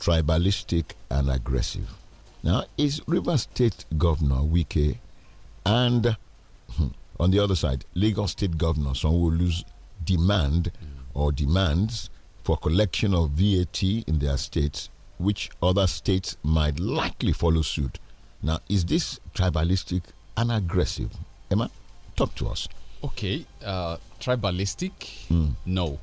tribalistic, and aggressive. Now, is River State Governor Wike and hmm, on the other side, Lagos State Governor who olus demand mm. or demands for collection of VAT in their states, which other states might likely follow suit. Now, is this tribalistic and aggressive? Emma, talk to us. Okay, uh, tribalistic, mm. no.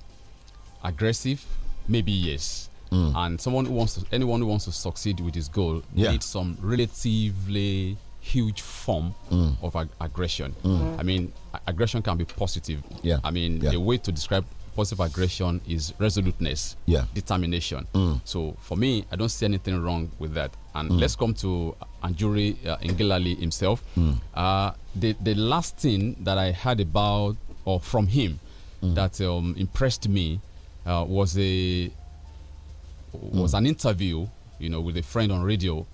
Aggressive, maybe yes. Mm. And someone who wants to, anyone who wants to succeed with his goal yeah. needs some relatively huge form mm. of ag aggression. Mm. I mean, aggression can be positive. Yeah. I mean, yeah. the way to describe positive aggression is resoluteness, yeah. determination. Mm. So for me, I don't see anything wrong with that. And mm. let's come to Anjuri uh, Ngilali himself. Mm. Uh, the the last thing that I heard about or from him mm. that um, impressed me uh, was a was mm. an interview, you know, with a friend on radio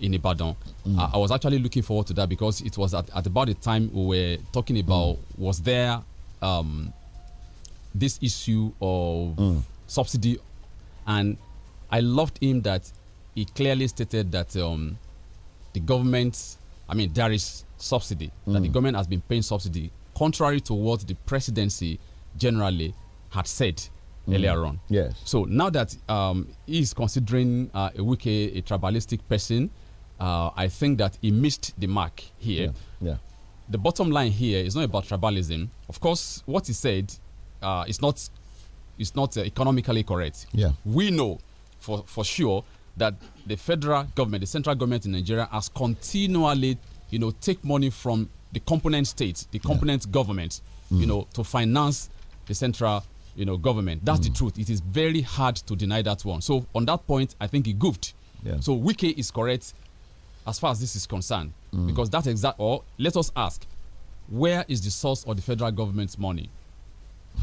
in Ibadan. Mm. I, I, was actually looking forward to that because it was at, at about the time we were talking about mm. was there um, this issue of mm. subsidy, and I loved him that he clearly stated that um, the government, I mean, there is subsidy that the mm. government has been paying subsidy, contrary to what the presidency generally had said mm. earlier on. Yes. So now that um, he is considering uh, a tribalistic person, uh, I think that he missed the mark here. Yeah. yeah. The bottom line here is not about tribalism. Of course, what he said uh, is not is not uh, economically correct. Yeah. We know for for sure that the federal government, the central government in Nigeria, has continually, you know, take money from the component states, the component yeah. governments, mm. you know, to finance the central you know, government. That's mm. the truth. It is very hard to deny that one. So on that point, I think he goofed. Yeah. So Wiki is correct as far as this is concerned, mm. because that exact. Or let us ask, where is the source of the federal government's money?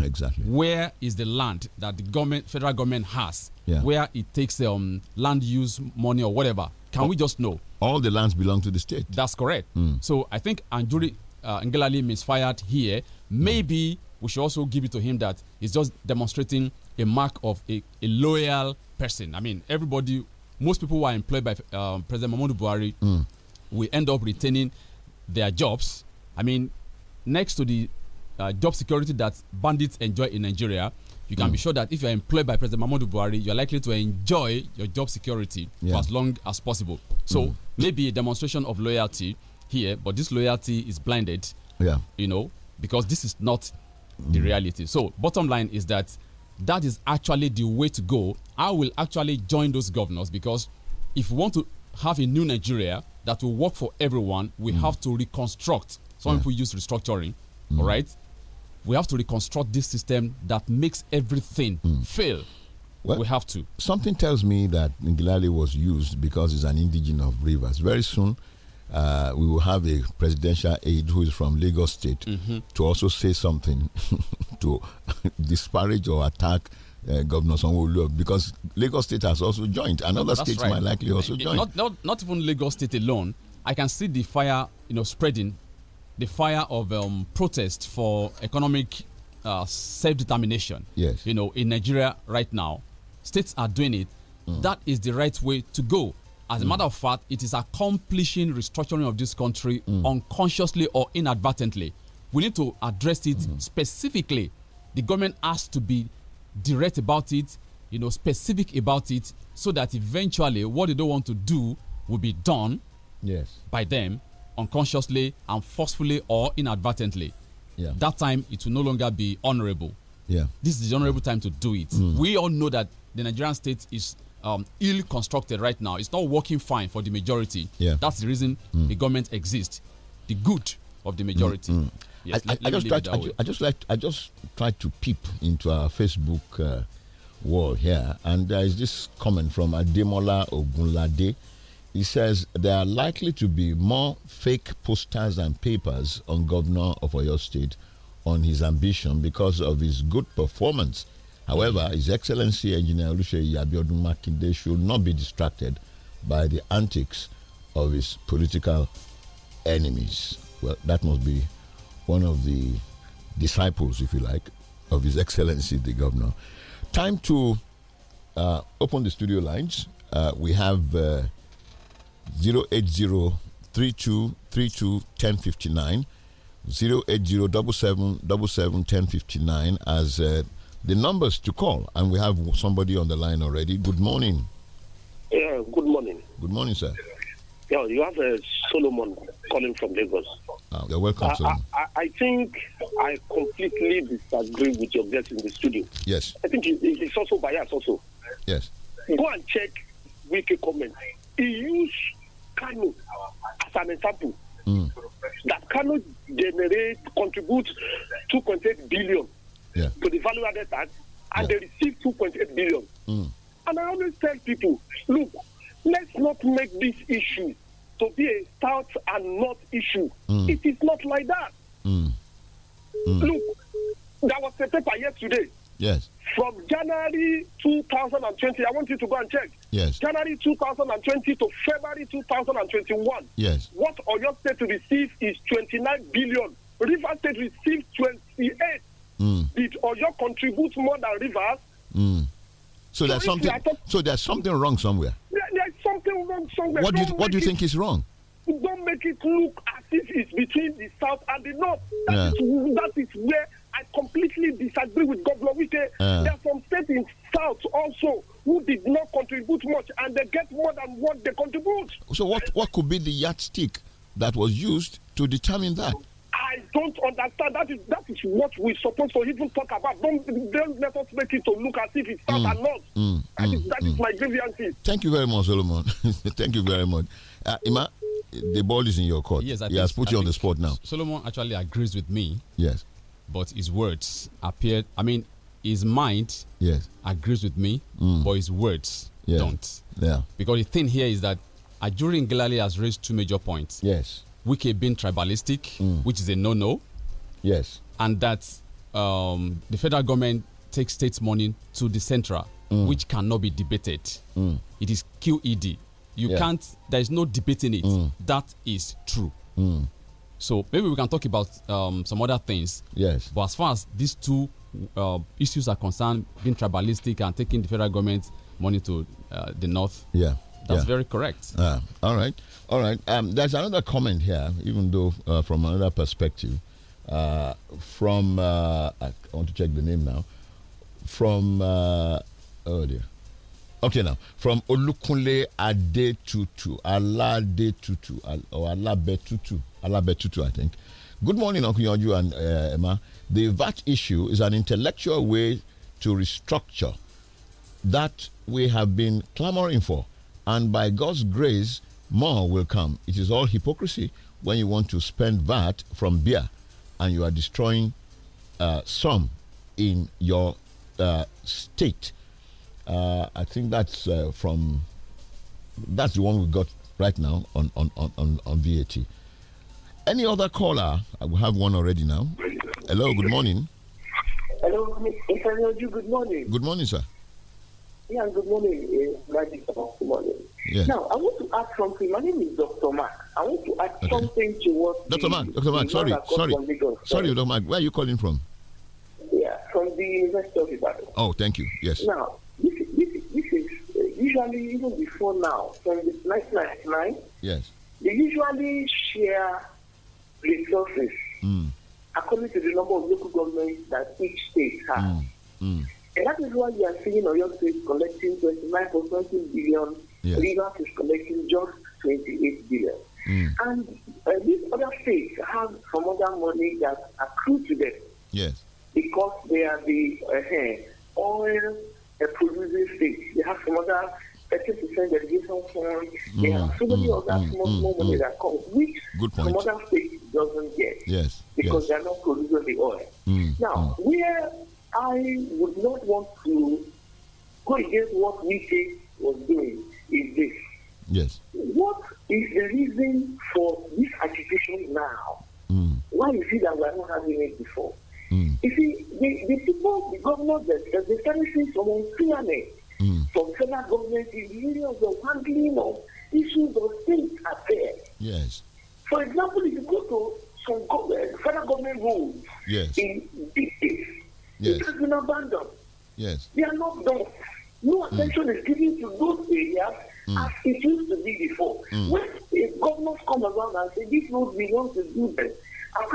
Exactly. Where is the land that the government, federal government has? Yeah. Where it takes um land use money or whatever? Can we just know? All the lands belong to the state. That's correct. Mm. So I think Anjuri uh, Ngelali misfired here. Mm. Maybe we should also give it to him that he's just demonstrating a mark of a, a loyal person. I mean, everybody, most people who are employed by um, President Mahmoud Buhari mm. will end up retaining their jobs. I mean, next to the uh, job security that bandits enjoy in Nigeria, you can mm. be sure that if you're employed by President Mahmoud Buhari, you're likely to enjoy your job security yeah. for as long as possible. So mm. maybe a demonstration of loyalty here, but this loyalty is blinded. Yeah. You know, because this is not the reality. So, bottom line is that that is actually the way to go. I will actually join those governors because if we want to have a new Nigeria that will work for everyone, we mm. have to reconstruct. Some yeah. people use restructuring, mm. all right? We have to reconstruct this system that makes everything mm. fail. Well, we have to. Something tells me that Ngilali was used because he's an indigenous of rivers. Very soon, uh, we will have a presidential aide who is from Lagos State mm -hmm. to also say something to disparage or attack uh, Governor Sanwo-Olu because Lagos State has also joined. and other states right. might likely also join. Not, not, not even Lagos State alone. I can see the fire, you know, spreading, the fire of um, protest for economic uh, self-determination. Yes. You know, in Nigeria right now, states are doing it. Mm. That is the right way to go. As a hmm. matter of fact, it is accomplishing restructuring of this country hmm. unconsciously or inadvertently. We need to address it hmm. specifically. The government has to be direct about it, you know, specific about it, so that eventually what they don't want to do will be done yes. by them unconsciously and forcefully or inadvertently. Yeah. That time it will no longer be honorable. Yeah. This is the honorable time to do it. Mm. We all know that the Nigerian state is um, ill constructed right now. It's not working fine for the majority. Yeah. That's the reason mm. the government exists. The good of the majority. Mm, mm. I, just tried, I, I, just like I just tried to peep into our Facebook uh, wall here, and there is this comment from Ademola Ogunlade. He says there are likely to be more fake posters and papers on Governor of Oyo State on his ambition because of his good performance However, His Excellency Engineer Oluseyi Abiodun Makinde should not be distracted by the antics of his political enemies. Well, that must be one of the disciples, if you like, of His Excellency the Governor. Time to uh, open the studio lines. Uh, we have uh, 080 32 32 1059, 080 77 77 1059 as uh, the numbers to call. And we have somebody on the line already. Good morning. Yeah, good morning. Good morning, sir. Yeah, you have uh, Solomon calling from Lagos. Oh, you're welcome, I, Solomon. I, I, think I completely disagree with your guest in the studio. Yes. I think it's also biased also. Yes. Go and check Wiki comments. He used Kano as an example. Mm. That Kano generate, contribute 2.8 billion yeah. to the value added tax and yeah. they receive 2.8 billion. Mm. And I always tell people, look, let's not make this issue to be a start and not issue. Mm. It is not like that. Mm. mm. Look, there was a paper yesterday. Yes. From January 2020, I want you to go and check. Yes. January 2020 to February 2021. Yes. What Oyo State received is 29 billion. River State received 28. Mm. Did Oyo contribute more than Rivers? Mm. So, so, there's something. so there's something wrong somewhere. There, there's something wrong somewhere. What do you, what do you think it, is wrong? Don't make it look as if it's between the south and the north. That, yeah. is, that is where I completely disagree with Governor Wike. Uh. There are some states in South also who did not contribute much and they get more than what they contribute. So what what could be the yardstick that was used to determine that? I don't understand. That is that is what we're supposed to even talk about. Don't, don't let us make it to look as if it's not mm, a lot. Mm, that, mm, is, that mm. is my grievance. Thank you very much, Solomon. Thank you very much. Uh, Ima, the ball is in your court. Yes, I he think, has put I you on the spot now. Solomon actually agrees with me. Yes, but his words appear. I mean, his mind yes agrees with me, mm. but his words yes. don't. Yeah, because the thing here is that Ajuri Ngelale has raised two major points. Yes Wiki being tribalistic, mm. which is a no no. Yes. And that um, the federal government takes states' money to the central, mm. which cannot be debated. Mm. It is QED. You yeah. can't, there is no debating it. Mm. That is true. Mm. So maybe we can talk about um, some other things. Yes. But as far as these two uh, issues are concerned, being tribalistic and taking the federal government money to uh, the north. Yeah that's yeah. very correct. Uh, all right. All right. Um, there's another comment here, even though uh, from another perspective. Uh, from, uh, I want to check the name now. From, uh, oh dear. Okay, now. From Olukunle Adetutu, Aladetutu, Al or Alabetutu, Alabetutu, I think. Good morning, Uncle Yonju and uh, Emma. The VAT issue is an intellectual way to restructure that we have been clamoring for and by God's grace, more will come. It is all hypocrisy when you want to spend VAT from beer and you are destroying uh, some in your uh, state. Uh, I think that's uh, from that's the one we got right now on on on on, on VAT. Any other caller? I have one already now. Hello, good morning. Hello, Mr. Good morning. Good morning, sir. Yeah, good morning, eh, Good morning. Now, I want to ask something. My name is Dr. Mark. I want to ask okay. something to what Dr. Mark, Dr. Mark, sorry, sorry. Sorry, sorry, Dr. Mark, where are you calling from? Yeah, from the University of Ibadan. Oh, thank you. Yes. Now, this, this, this is uh, usually, even before now, from 1999, yes. they usually share resources mm. according to the number of local governments that each state has. Mm. Mm. And that is why you are seeing Oyo State collecting 29.20 billion, yes. Rivers is collecting just 28 billion. Mm. And uh, these other states have some other money that accrues to them. Yes. Because they are the uh, eh, oil uh, producing states. They have some other 30% delegation fund. They mm, have so many mm, other hmm. Hmm. small, money hmm. that comes, which Good point. some other states doesn't get. Yes. Because yes. they are not producing the oil. now, where I would not want to go against what Wike was doing is this. Yes. What is the reason for this agitation now? Mm. Why is it that we are not having it before? Mm. You see, the, the people, the government, the, the services from Uncle hmm. from federal government in the areas of handling of issues of state affairs. Yes. For example, if you go to some eh, federal government rules yes. in this Yes. It has been abandoned. Yes. They are not there. No mm. attention mm. is given to those areas mm. as it used to be before. Mm. When the governments come around and say this road belongs to Zubes, I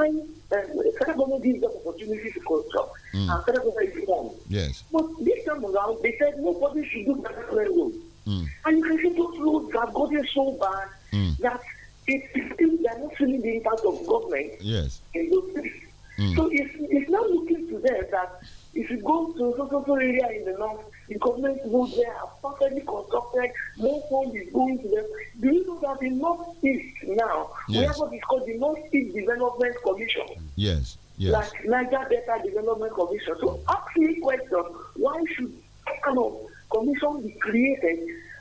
then um, the federal government gives them opportunity to construct, mm. and federal government is wrong. Yes. But this time around, they said nobody should do that road, Mm. And you can see those roads have gotten so bad mm. that still they are not feeling the impact of government yes. in those things. Mm. So it's, it's not looking to them that if you go to a so area in the north, the government will there are perfectly constructed, no phone is going to them. Do you know that the northeast now, yes. we have what is called the northeast development commission? Yes. Yes. Like Niger Delta Development Commission. So ask me question, why should kind of commission be created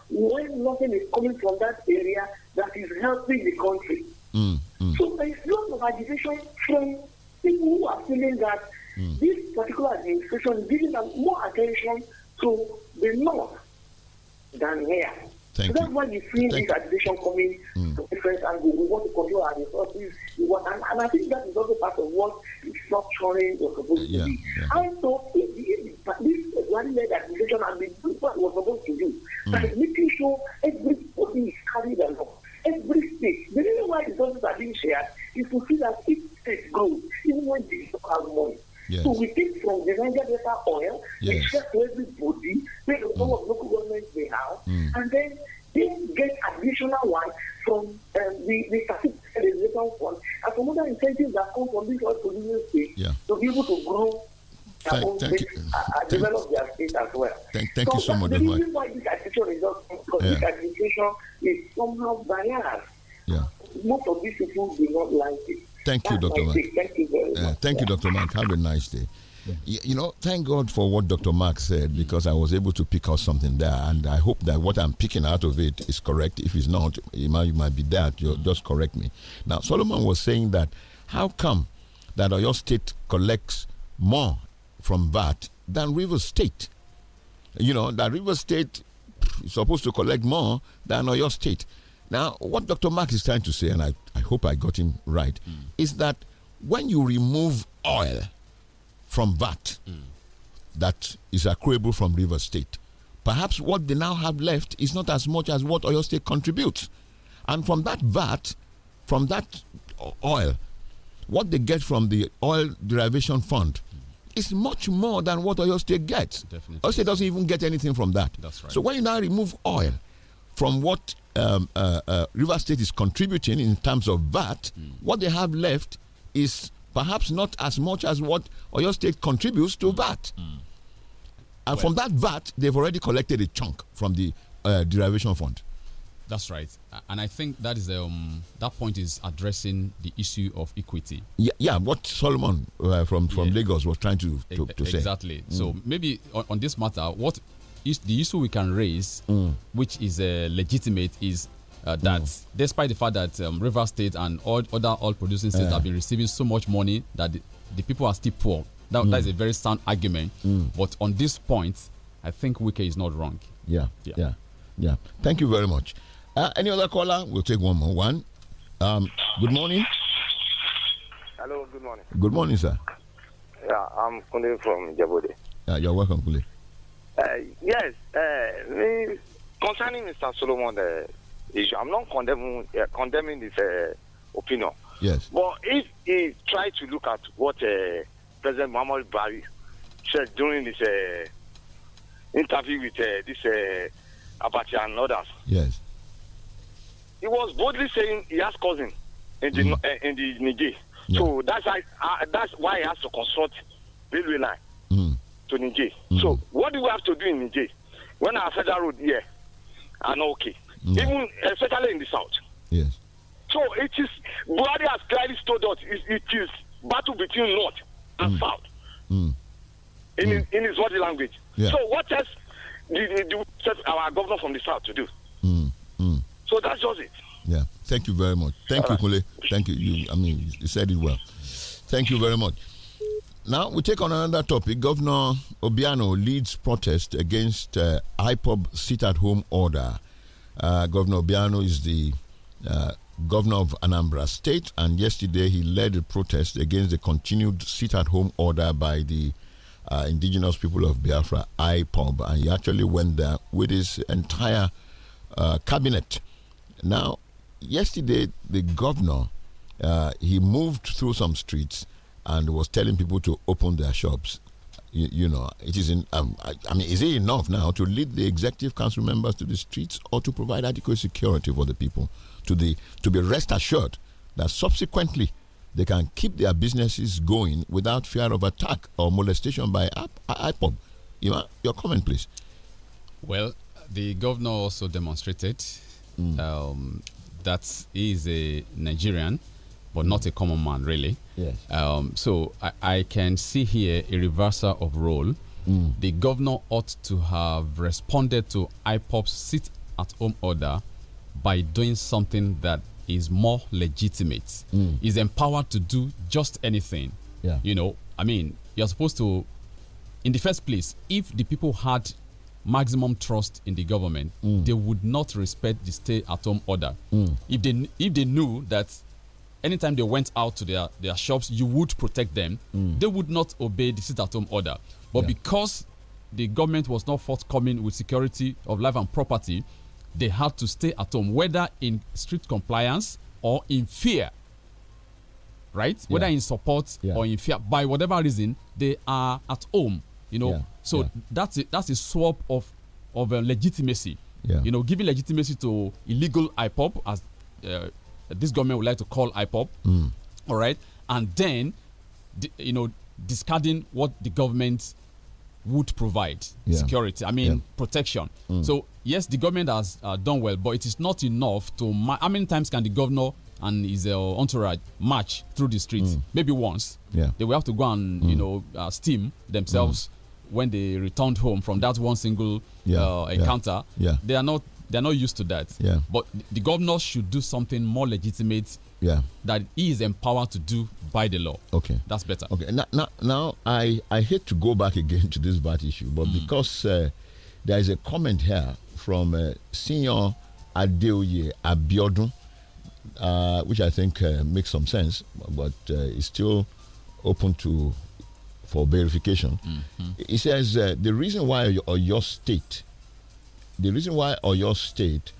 when nothing is coming from that area that is helping the country? Mm, mm. So there is no of from people who are feeling that mm. this particular administration giving more attention to the north than here. Thank so that's you. why you see seeing this administration coming mm. to different angles. We want to control our resources. Want, and, and, I think that is also part of what restructuring was supposed yeah, to be. Yeah. And so if, if this one-led administration has been doing what it was supposed to do, mm. that is making sure yes. they check everybody, they know mm. of local government they have, mm. and then they get additional one from um, the, the certification fund and some other incentives that come from these oil producing states yeah. to be able to grow their own state, develop their state as well. Thank, thank so you so much. The reason why this administration is not, because yeah. this administration is somehow biased. Yeah. Most of these people do not like it. Thank you, Dr. Mark. Thank you uh, Thank you, Dr. Mark. Have a nice day you know, thank God for what Dr. Mark said because I was able to pick out something there, and I hope that what I'm picking out of it is correct. If it's not, you might, might be that. You just correct me. Now, Solomon was saying that how come that Oyo State collects more from VAT than River State? You know, that River State is supposed to collect more than Oyo State. Now, what Dr. Mark is trying to say, and I, I hope I got him right, mm. is that when you remove oil, from VAT mm. that is accruable from River State. Perhaps what they now have left is not as much as what Oil State contributes. And from that VAT, from that oil, what they get from the oil derivation fund mm. is much more than what Oil State gets. Definitely. State doesn't even get anything from that. That's right. So when you now remove oil from what um, uh, uh, River State is contributing in terms of VAT, mm. what they have left is perhaps not as much as what Oyo State contributes to mm. VAT. Mm. mm. And well, from that VAT, they've already collected a chunk from the uh, derivation fund. That's right, and I think that is um, that point is addressing the issue of equity. Yeah, yeah what Solomon uh, from from yeah. Lagos was trying to to, to say exactly. Mm. So maybe on, on, this matter, what is the issue we can raise, mm. which is uh, legitimate, is uh, that mm. despite the fact that um, River State and all other oil producing states have been receiving so much money that the, the people are still poor. That, mm. that is a very sound argument. Mm. But on this point, I think Wike is not wrong. Yeah, yeah, yeah. yeah. Thank you very much. Uh, any other caller? We'll take one more. One. Um, good morning. Hello, good morning. Good morning, sir. Yeah, I'm Kunle from Jabode. Yeah, you're welcome, Kunle. Uh, yes, uh, me, concerning Mr. Solomon, uh, issue. I'm not condemning uh, condemning his uh, opinion. Yes. But if he tries to look at what uh, President Muhammad Buhari said during his uh, interview with uh, this uh, Abacha and others, yes, he was boldly saying he has cousin in the mm. in the Niger. Yeah. So that's why that's why he has to consult railway line mm. to Niger. Mm. So what do we have to do in Niger? When our federal road here are not okay, even especially in the south. Yes. So it is Buhari has clearly told us it, it is battle between north and mm. south. Mm. In, mm. in his body language. Yeah. So what else our governor from the south to do? Mm. Mm. So that's just it. Yeah. Thank you very much. Thank All you, right. Kule. Thank you. You. I mean, you said it well. Thank you very much. Now we take on another topic. Governor Obiano leads protest against uh, IPOB sit-at-home order. Uh, Governor Obiano is the uh, governor of Anambra State, and yesterday he led a protest against the continued sit at home order by the uh, indigenous people of Biafra, IPOB, and he actually went there with his entire uh, cabinet. Now, yesterday, the governor uh, he moved through some streets and was telling people to open their shops you, you know, it is in, um, I, I, mean, is it enough now to lead the executive council members to the streets or to provide adequate security for the people to the to be rest assured that subsequently they can keep their businesses going without fear of attack or molestation by IPOB? You know, your comment, please. Well, the governor also demonstrated mm. um, that he is a Nigerian but not a common man, really. Yes. Um, so I, I, can see here a reversal of role. Mm. The governor ought to have responded to IPOP's sit at home order by doing something that is more legitimate. Mm. Is empowered to do just anything. Yeah. You know, I mean, you're supposed to, in the first place, if the people had maximum trust in the government, mm. they would not respect the stay-at-home order. Mm. If they if they knew that anytime they went out to their, their shops, you would protect them. Mm. They would not obey the sit at home order. But yeah. because the government was not forthcoming with security of life and property, they had to stay at home, whether in strict compliance or in fear. Right? Yeah. Whether in support yeah. or in fear, by whatever reason, they are at home. You know, so that's a, that's a swap of of uh, legitimacy. You know, giving legitimacy to illegal IPOP as uh, this government would like to call IPOP. Mm. All right. And then, you know, discarding what the government would provide yeah. security, I mean, yeah. protection. Mm. So, yes, the government has uh, done well, but it is not enough to. How many times can the governor and his uh, entourage march through the streets. Mm. Maybe once. Yeah. They will have to go and mm. you know uh, steam themselves mm. when they returned home from that one single yeah. uh, encounter. Yeah. They are not they're not used to that. Yeah. But the governor should do something more legitimate. Yeah. That he is empowered to do by the law. Okay. That's better. Okay. Now, now, now I I hate to go back again to this bad issue, but mm. because uh, there is a comment here from uh, Senior Adeoye Abiodun, uh, which I think uh, makes some sense, but uh, it's still open to for verification. Mm -hmm. says uh, the reason why your, your state the reason why Oyo State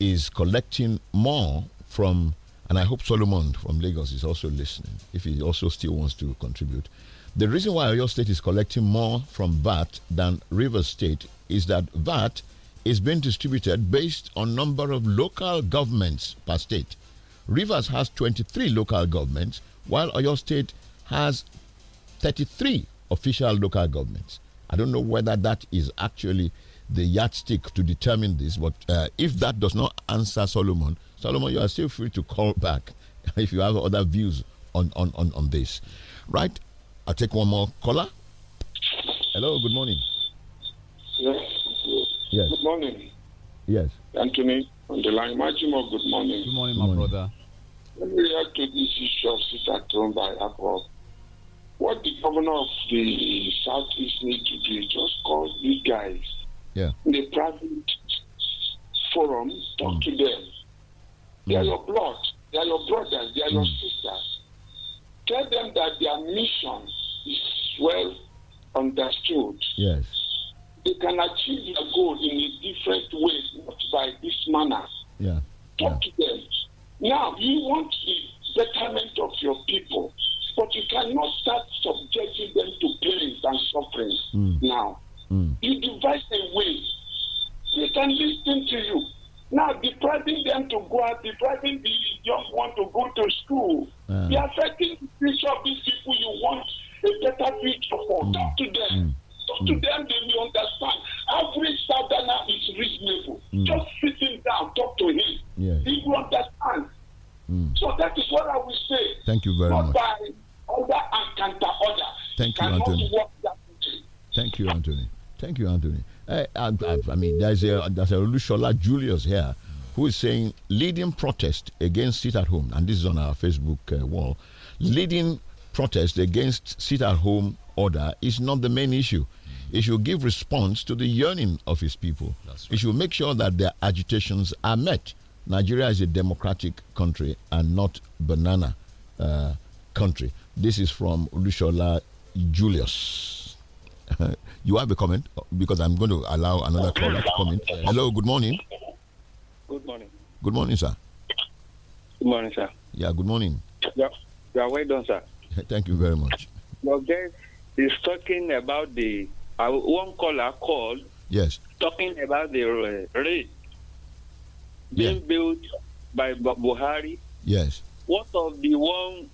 is collecting more from, and I hope Solomon from Lagos is also listening, if he also still wants to contribute. The reason why Oyo State is collecting more from VAT than Rivers State is that VAT is being distributed based on number of local governments per state. Rivers has 23 local governments, while Oyo State has 33 official local governments. I don't know whether that is actually the yardstick to determine this. But uh, if that does not answer Solomon, Solomon, you are still free to call back if you have other views on, on, on, on this. Right? I'll take one more caller. Hello, good morning. Yes. Yes. Good morning. Yes. Anthony, on the line. Majimo, good morning. Good morning, my morning. brother. Let me react to this issue of sit by Apple. What the governor of the Southeast need to do is just call these guys yeah. in a private forum, talk mm. to them. They are mm. your blood, they are your brothers, they are your mm. sisters. Tell them that their mission is well understood. Yes. They can achieve their goal in a different way, not by this manner. Yeah. Talk yeah. to them. Now, you want the betterment of your people, but you cannot start subjecting them to pains and suffering mm. now. Mm. You devise a way. They can listen to you. Now, depriving them to go out, depriving the young one to go to school, uh. they are affecting the future of these people you want a better future for. Mm. Talk to them. Mm. Talk to mm. them, they will understand. Every southerner is reasonable. Mm. Just sit him down, talk to him. He will understand. Mm. So that is what I will say. Thank you very Not much. By order and counter order. Thank you, Anthony. Thank you, Anthony. Thank you, Anthony. Eh, I, I, I, mean, there's a there's a Lushola Julius here who is saying leading protest against sit at home, and this is on our Facebook uh, wall. Leading protest against sit at home order is not the main issue. It should give response to the yearning of his people. That's right. It should make sure that their agitations are met. Nigeria is a democratic country and not banana uh, country. This is from Lushola Julius. Uh, you have a comment because I'm going to allow another caller to come in. Hello, good morning. Good morning. Good morning, sir. Good morning, sir. Yeah, good morning. Yeah, yeah, are well done, sir. Thank you very much. Okay, he's talking about the uh, one caller called. Yes. Talking about the uh, rate being yeah. built by Buhari. Yes. What of the one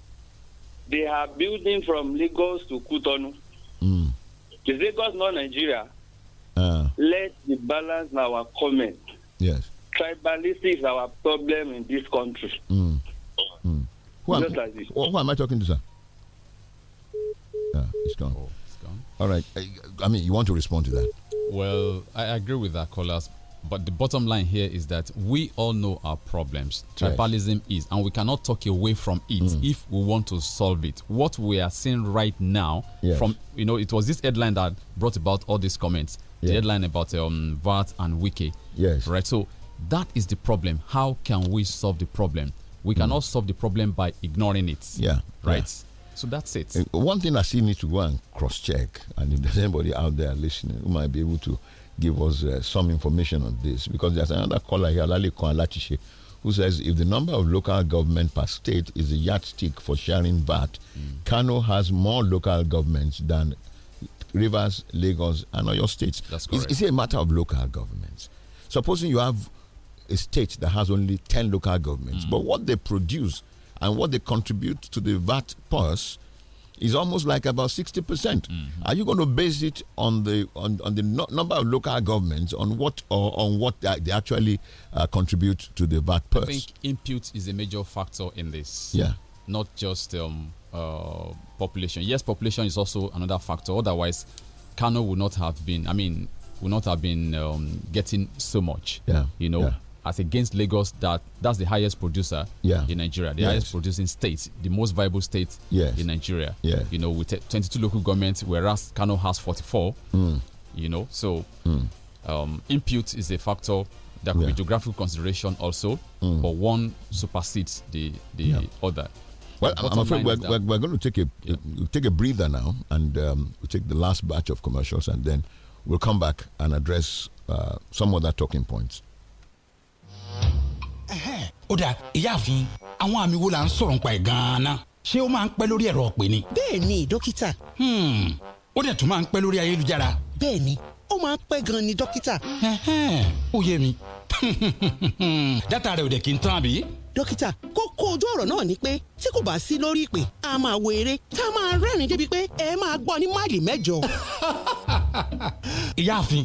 they are building from Lagos to Kutonu? Mm. The Lagos, not Nigeria. Uh. Ah. Let's balance our comment. Yes. Tribalism is our problem in this country. Mm. Mm. Who, am, who, who, am, I talking to, sir? Yeah, it's gone. Oh, it's gone. All right. I, I mean, you want to respond to that? Well, I agree with that caller's but the bottom line here is that we all know our problems. Tribalism is, and we cannot talk away from it mm. if we want to solve it. What we are seeing right now, yes. from you know, it was this headline that brought about all these comments. Yes. The headline about um, VAT and Wiki. Yes. Right. So that is the problem. How can we solve the problem? We mm. cannot mm. solve the problem by ignoring it. Yeah. Right. Yeah. So that's it. Uh, one thing I still need to go and cross check, and if there's anybody out there listening who might be able to give us uh, some information on this because there's another caller here, Lalikon Alachiche, who says if the number of local government per state is a yardstick for sharing VAT, mm. Kano has more local governments than Rivers, Lagos, and other states. That's correct. It's, a matter of local governments. Supposing you have a state that has only 10 local governments, mm. but what they produce and what they contribute to the VAT purse is almost like about 60%. mm -hmm. Are you going to base it on the on, on the no, number of local governments on what or on what they actually uh, contribute to the VAT purse? I think input is a major factor in this. Yeah. Not just um, uh, population. Yes, population is also another factor. Otherwise, Kano would not have been, I mean, would not have been um, getting so much. Yeah. You know, yeah as against Lagos that that's the highest producer yeah. in Nigeria, the yes. highest producing state, the most viable state yes. in Nigeria. Yeah. You know, with 22 local governments, whereas Kano has 44. Mm. You know, so mm. um, impute is a factor. that could yeah. be geographical consideration also, mm. but one supersedes the the yeah. other. Well, I'm afraid we're, we're, we're, going to take a yeah. take a breather now, and um, we'll take the last batch of commercials, and then we'll come back and address uh, some other talking points. ó dà ìyáàfin àwọn àmì wo la ń sọ̀rọ̀ nípa ẹ̀ gan-an ṣé ó máa ń pẹ́ lórí ẹ̀rọ ọ̀pẹ ni. bẹ́ẹ̀ ni dókítà. Hmm, ó dẹ̀ tún máa ń pẹ́ lórí ayélujára. bẹ́ẹ̀ ni ó máa ń pẹ́ gan-an ni dókítà. ó yé mi dátà rẹ̀ ò dẹ̀ kí n tán àbí. dókítà kókó ojú ọ̀rọ̀ náà ni pé tí kò bá sí lórí ìpè a máa wo eré tá a máa rẹ́rìn-ín débi pé ẹ máa gbọ́ ní máìlì mẹ́jọ. ìyáàfin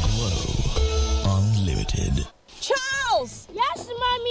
Glow Unlimited.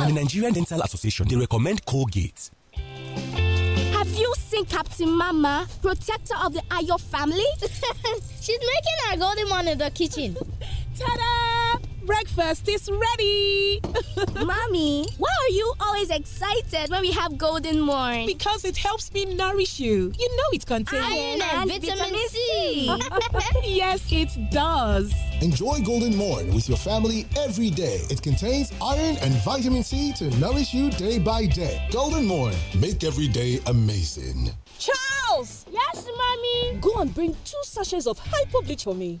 Now, the Nigerian Dental Association, they recommend Colgate. Have you seen Captain Mama, protector of the Ayo family? She's making our golden one in the kitchen. Ta-da! Breakfast is ready. Mommy, why are you always excited when we have Golden Morn? Because it helps me nourish you. You know it contains iron and, and vitamin, vitamin C. C. yes, it does. Enjoy Golden Morn with your family every day. It contains iron and vitamin C to nourish you day by day. Golden Morn, make every day amazing. Charles! Yes, mommy? Go and bring two sachets of hypo bleach for me.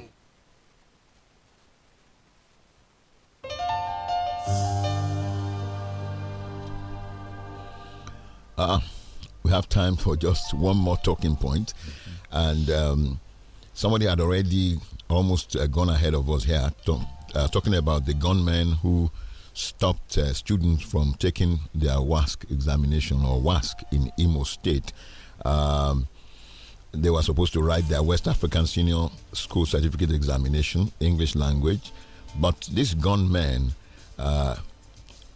Uh, we have time for just one more talking point. And um, somebody had already almost uh, gone ahead of us here, to, uh, talking about the gunman who stopped uh, students from taking their WASC examination or WASC in Imo State. Um, they were supposed to write their West African Senior School Certificate Examination, English language, but this gunman. Uh,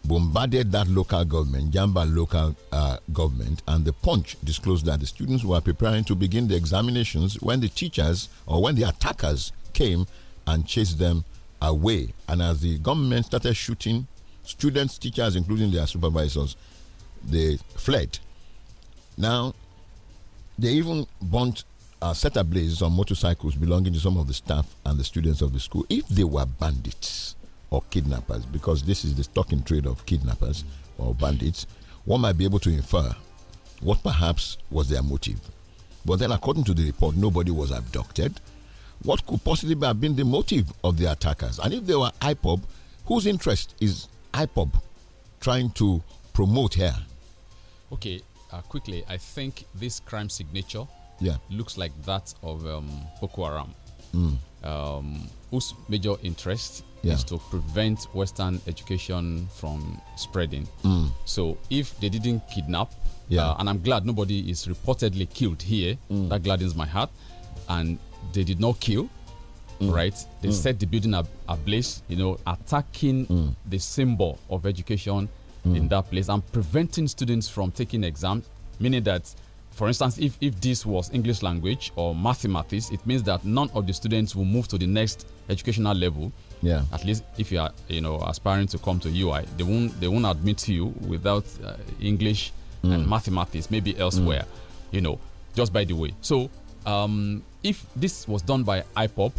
bombarded that local government, Jamba local uh, government, and the Punch disclosed that the students were preparing to begin the examinations when the teachers or when the attackers came and chased them away. And as the government started shooting, students, teachers, including their supervisors, they fled. Now, they even burnt uh, set ablaze on motorcycles belonging to some of the staff and the students of the school if they were bandits or kidnappers, because this is the stock in trade of kidnappers or bandits, one might be able to infer what perhaps was their motive. But then, according to the report, nobody was abducted. What could possibly have been the motive of the attackers? And if they were IPOB, whose interest is IPOB trying to promote here? Okay, uh, quickly, I think this crime signature yeah. looks like that of um, Boko Haram, mm. um, whose major interest yeah. is to prevent Western education from spreading. Mm. So if they didn't kidnap, yeah. Uh, and I'm glad nobody is reportedly killed here, mm. that gladdens my heart. And they did not kill, mm. right? They mm. set the building ab ablaze, you know, attacking mm. the symbol of education mm. in that place and preventing students from taking exams, meaning that for instance, if, if this was English language or mathematics, it means that none of the students will move to the next educational level. Yeah. At least if you are, you know, aspiring to come to UI, they won't they won't admit you without uh, English mm. and mathematics, maybe elsewhere. Mm. You know, just by the way. So um, if this was done by IPOP,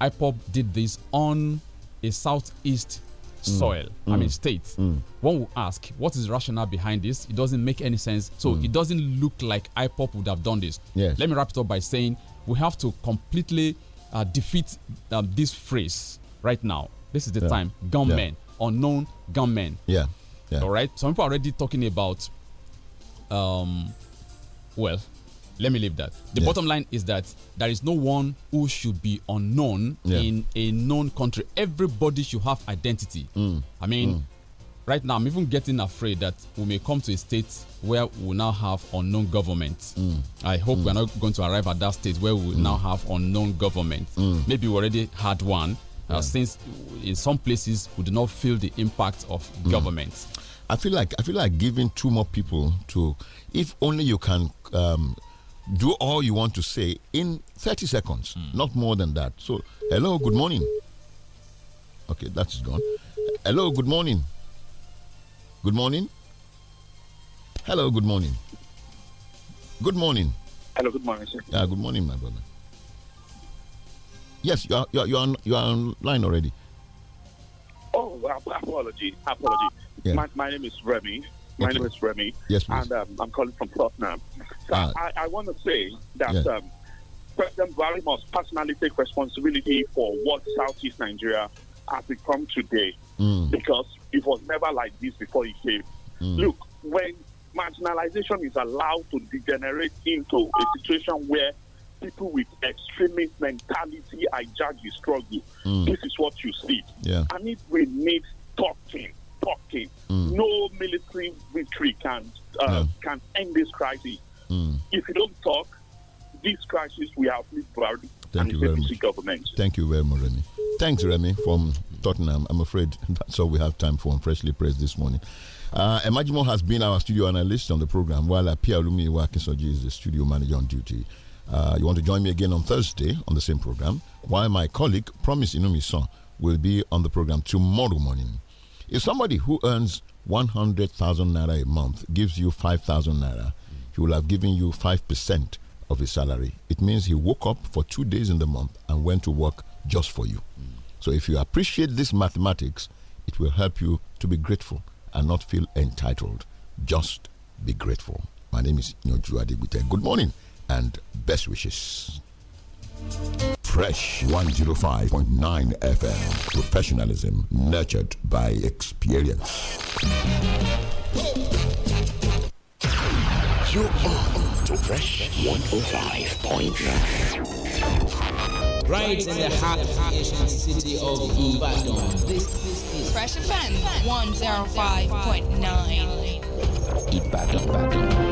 IPOP did this on a southeast mm. soil, I mean mm. state. Mm. One will ask, what is rationale behind this? It doesn't make any sense. So mm. it doesn't look like IPOP would have done this. Yes. Let me wrap it up by saying we have to completely uh, defeat uh, this phrase right now. This is the yeah. time. Gunmen, yeah. unknown gunmen. Yeah. yeah. All right. Some people are already talking about, um, well, let me leave that. The bottom line is that there is no one who should be unknown yeah. in a known country. Everybody should have identity. Mm. I mean, mm. right now, I'm even getting afraid that we may come to a state where we now have unknown government. Mm. I hope we're mm. not going to arrive at that state where we mm. now have unknown government. Mm. Maybe we already had one uh, mm. since in some places we do not feel the impact of mm. government. I feel like I feel like giving two more people to, if only you can um, do all you want to say in 30 seconds, mm. not more than that. So, hello, good morning. Okay, that's gone. Hello, good morning. Good morning. Hello, good morning. Good morning. Hello, good morning, sir. Yeah, good morning, my brother. Yes, you are, you are, you are, you are online already. Oh, apology. Apology. Yeah. My, my name is Remy. My okay. name is Remy. Yes, please. And um, I'm calling from Tottenham. So ah. I, I want to say that yeah. um, President Buhari must personally take responsibility for what Southeast Nigeria has become today mm. because it was never like this before he came. Mm. Look, when marginalization is allowed to degenerate into a situation where people with extremist mentality judge you struggle. Mm. This is what you see. Yeah. And if we need talking, talking, mm. no military victory can uh, no. can end this crisis. Mm. If you don't talk, this crisis we have to already. Thank you very much. Government. Thank you very much, Remy. Thanks, Remy, from Tottenham. I'm afraid that's all we have time for on Freshly Pressed this morning. Uh, Emajimo has been our studio analyst on the program, while Apia Olumi Wakisoji is the studio manager on duty. Uh, you want to join me again on Thursday on the same program, while my colleague, Promise Inumison, will be on the program tomorrow morning. If somebody who earns 100,000 naira a month gives you 5,000 naira, he will have given you 5% of his salary. It means he woke up for two days in the month and went to work just for you. Mm. So if you appreciate this mathematics, it will help you to be grateful and not feel entitled. Just be grateful. My name is Nyoju Adegbite. Good morning and best wishes. Fresh 105.9 FM. Professionalism nurtured by experience. You are to Fresh 105.9. Right in the heart of the city of Ibadan. This is Fresh FM 105.9. Ibadan. Ibadan.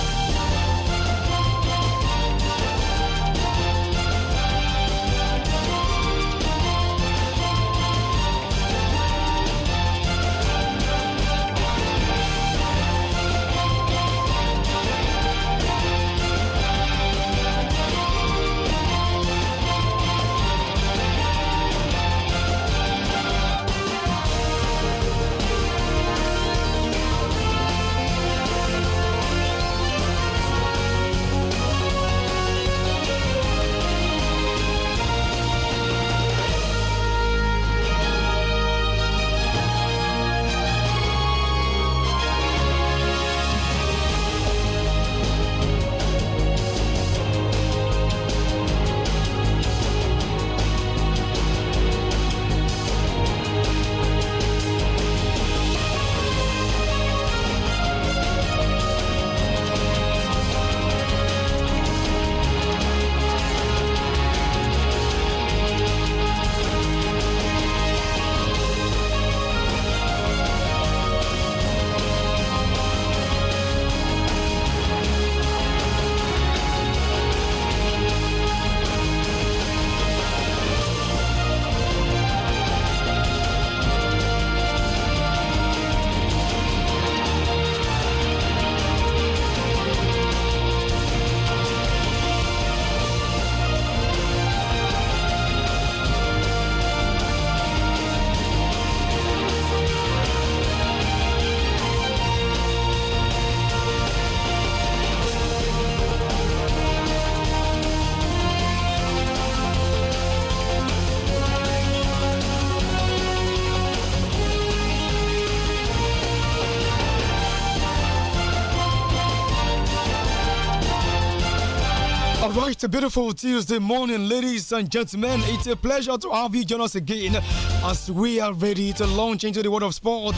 It's a beautiful Tuesday morning, ladies and gentlemen. It's a pleasure to have you join us again as we are ready to launch into the world of sport,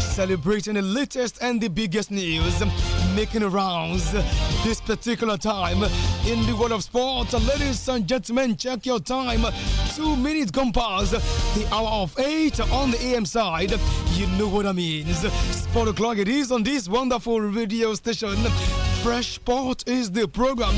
celebrating the latest and the biggest news making rounds this particular time in the world of sport. Ladies and gentlemen, check your time. Two minutes gone past the hour of eight on the AM side. You know what I mean. Sport o'clock it is on this wonderful radio station. Fresh Sport is the program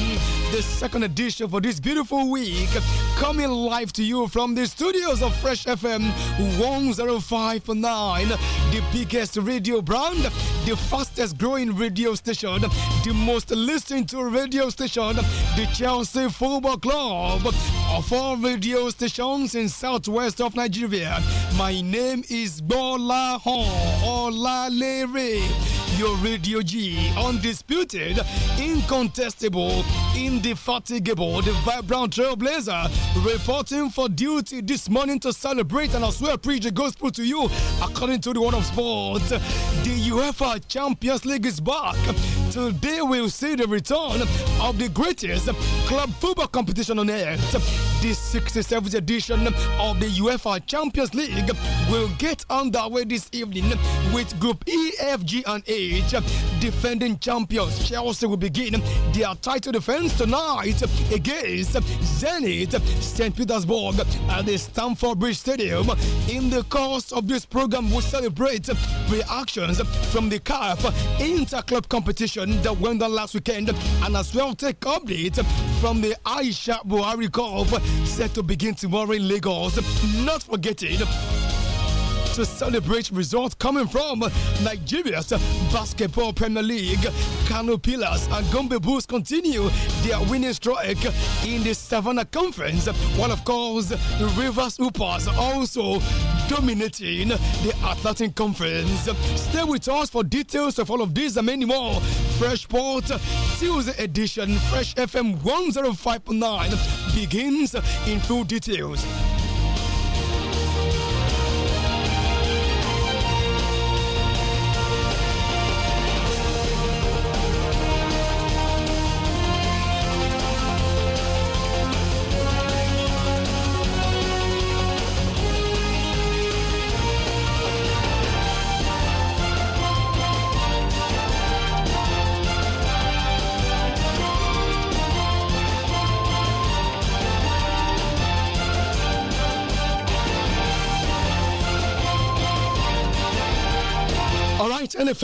the second edition for this beautiful week, coming live to you from the studios of Fresh FM 105.9, the biggest radio brand, the fastest growing radio station, the most listened to radio station, the Chelsea Football Club of all radio stations in southwest of Nigeria. My name is Bola Hon Olalere your Radio G. Undisputed, incontestable, indefatigable, the vibrant trailblazer reporting for duty this morning to celebrate and I swear preach the gospel to you according to the word of sport. The UEFA Champions League is back. Today we'll see the return of the greatest club football competition on earth. The 67th edition of the UEFA Champions League will get underway this evening with Group E, F, G, and H. Defending champions Chelsea will begin their title defense tonight against Zenit St. Petersburg at the Stamford Bridge Stadium. In the course of this program, we will celebrate reactions from the CAF Interclub competition election that went on last weekend, and as well take update from the Aisha Buhari Cup set to begin tomorrow in Lagos. Not forgetting to celebrate results coming from Nigeria's Basketball Premier League. Kano Pillars and Gombe Bulls continue their winning streak in the Savannah Conference. While, of course, the Rivers Upas also dominating the Atlantic Conference. Stay with us for details of all of this and many more. Freshport Tuesday edition, Fresh FM 105.9 begins in full details.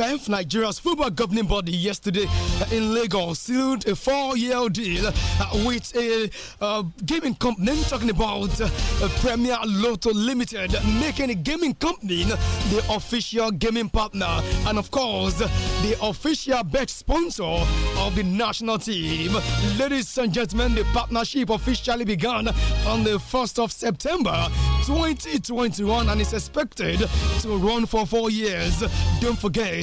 FF, Nigeria's football governing body, yesterday in Lagos sealed a four-year deal uh, with a uh, gaming company. Talking about uh, Premier Lotto Limited, making a gaming company the official gaming partner, and of course the official bet sponsor of the national team. Ladies and gentlemen, the partnership officially began on the 1st of September 2021 and is expected to run for four years. Don't forget,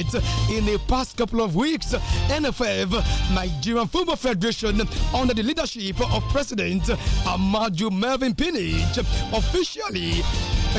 in the past couple of weeks, NFF, Nigerian Football Federation, under the leadership of President Amaju Melvin Pinich, officially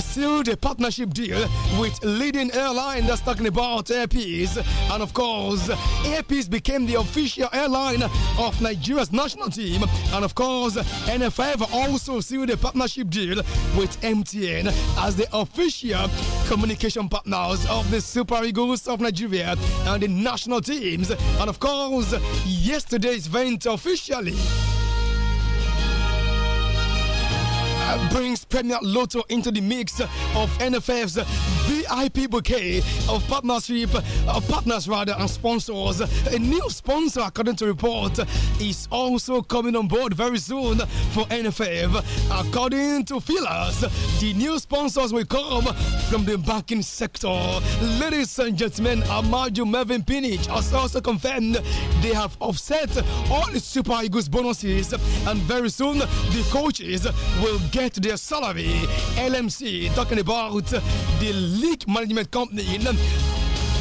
sealed a partnership deal with leading airline that's talking about Air Peace. And of course, Air Peace became the official airline of Nigeria's national team. And of course, NFF also sealed a partnership deal with MTN as the official communication partners of the Super Eagles of Nigeria and the national teams. And of course, yesterday's event officially. brings Premier Lotto into the mix of NFF's VIP bouquet of partnership, uh, partners rather, and sponsors. A new sponsor, according to report, is also coming on board very soon for NFF. According to Philas, the new sponsors will come from the banking sector. Ladies and gentlemen, Amaju Mervin Pinich has also confirmed they have offset all Super Eagles bonuses, and very soon the coaches will get their salary. LMC talking about the league management company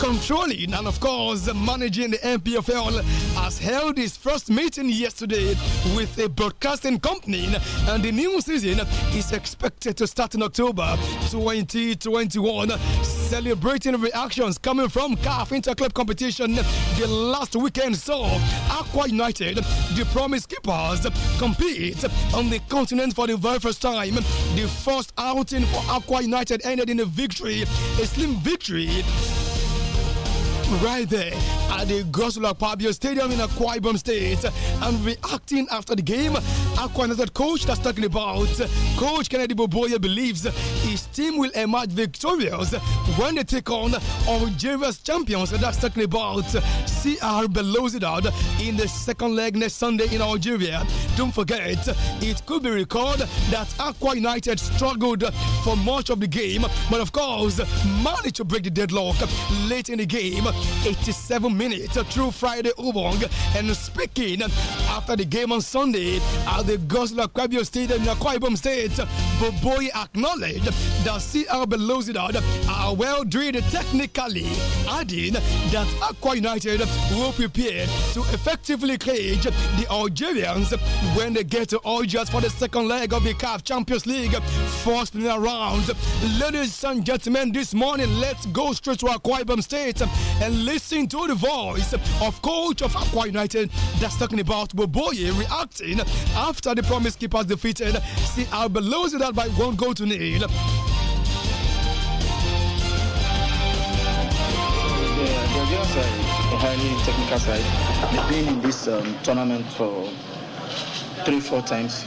controlling and, of course, managing the MPFL has held its first meeting yesterday with a broadcasting company, and the new season is expected to start in October 2021. Celebrating reactions coming from CAF Interclub competition, the last weekend saw Aqua United, the promise keepers, compete on the continent for the very first time. The first outing for Aqua United ended in a victory, a slim victory right there at the Gosulak Pabio Stadium in Akwa Ibom State. And reacting after the game, Akwa United coach that's talking about Coach Kennedy Boboya believes his team will emerge victorious when they take on Algeria's champions. That's talking about CR Belouizdad in the second leg next Sunday in Algeria. Don't forget, it could be recalled that Aqua United struggled for much of the game, but of course managed to break the deadlock late in the game 87 minutes, through Friday Ubong. And speaking after the game on Sunday at the Gosla Kwabio Stadium in Akwa State, Boboy acknowledged that CR Belouizdad are well drilled technically, adding that Aqua United will prepare to effectively cage the Algerians when they get to Algiers for the second leg of the CAF Champions League first minute round. Ladies and gentlemen, this morning, let's go straight to Akwa Ibom State and listen to the voice of coach of Akwa United that's talking about Boboye reacting after the promise keepers defeated See, CR losing that by one goal to nil. a highly technical side. They've been in this um, tournament for three, four times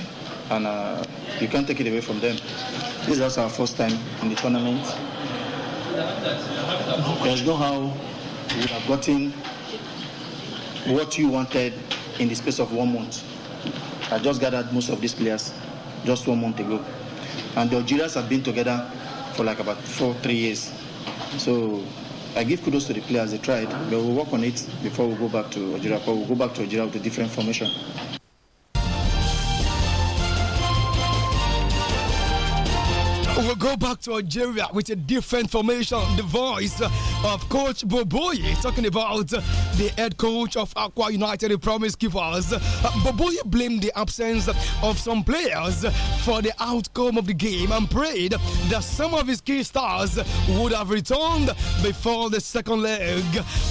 and uh, you can't take it away from them. This is our first time in the tournament. There's no how we have gotten what you wanted in the space of one month. I just gathered most of these players just one month ago. And the Algerians have been together for like about four, three years. So I give kudos to the players, they tried, but we'll work on it before we go back to Algeria, but we'll go back to Algeria with a different formation. we'll go back to Algeria with a different formation. The voice of Coach Boboye talking about the head coach of Aqua United, the promise keepers. Boboye blamed the absence of some players for the outcome of the game and prayed that some of his key stars would have returned before the second leg.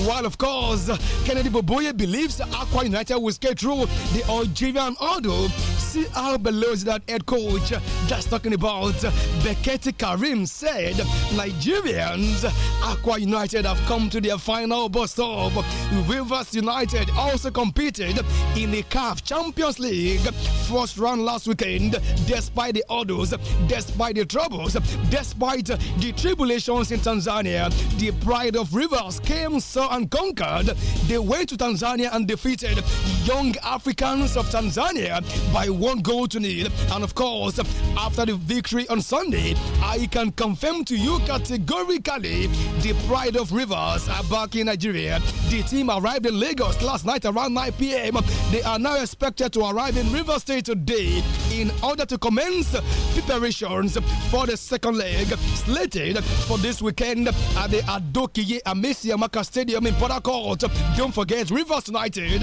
While, of course, Kennedy Boboye believes Aqua United will skate through the Algerian hurdle. See how below that head coach just talking about the Ketty Karim said Nigerians, Aqua United have come to their final bus stop. Rivers United also competed in the CAF Champions League first round last weekend despite the odds, despite the troubles, despite the tribulations in Tanzania. The pride of Rivers came, so and conquered. They went to Tanzania and defeated Young Africans of Tanzania by one goal to nil. And of course, after the victory on Sunday, I can confirm to you categorically the pride of Rivers are back in Nigeria. The team arrived in Lagos last night around 9 p.m. They are now expected to arrive in Rivers State today in order to commence preparations for the second leg slated for this weekend at the Adokiye Amesi Amaka Stadium in Port Harcourt. Don't forget, Rivers United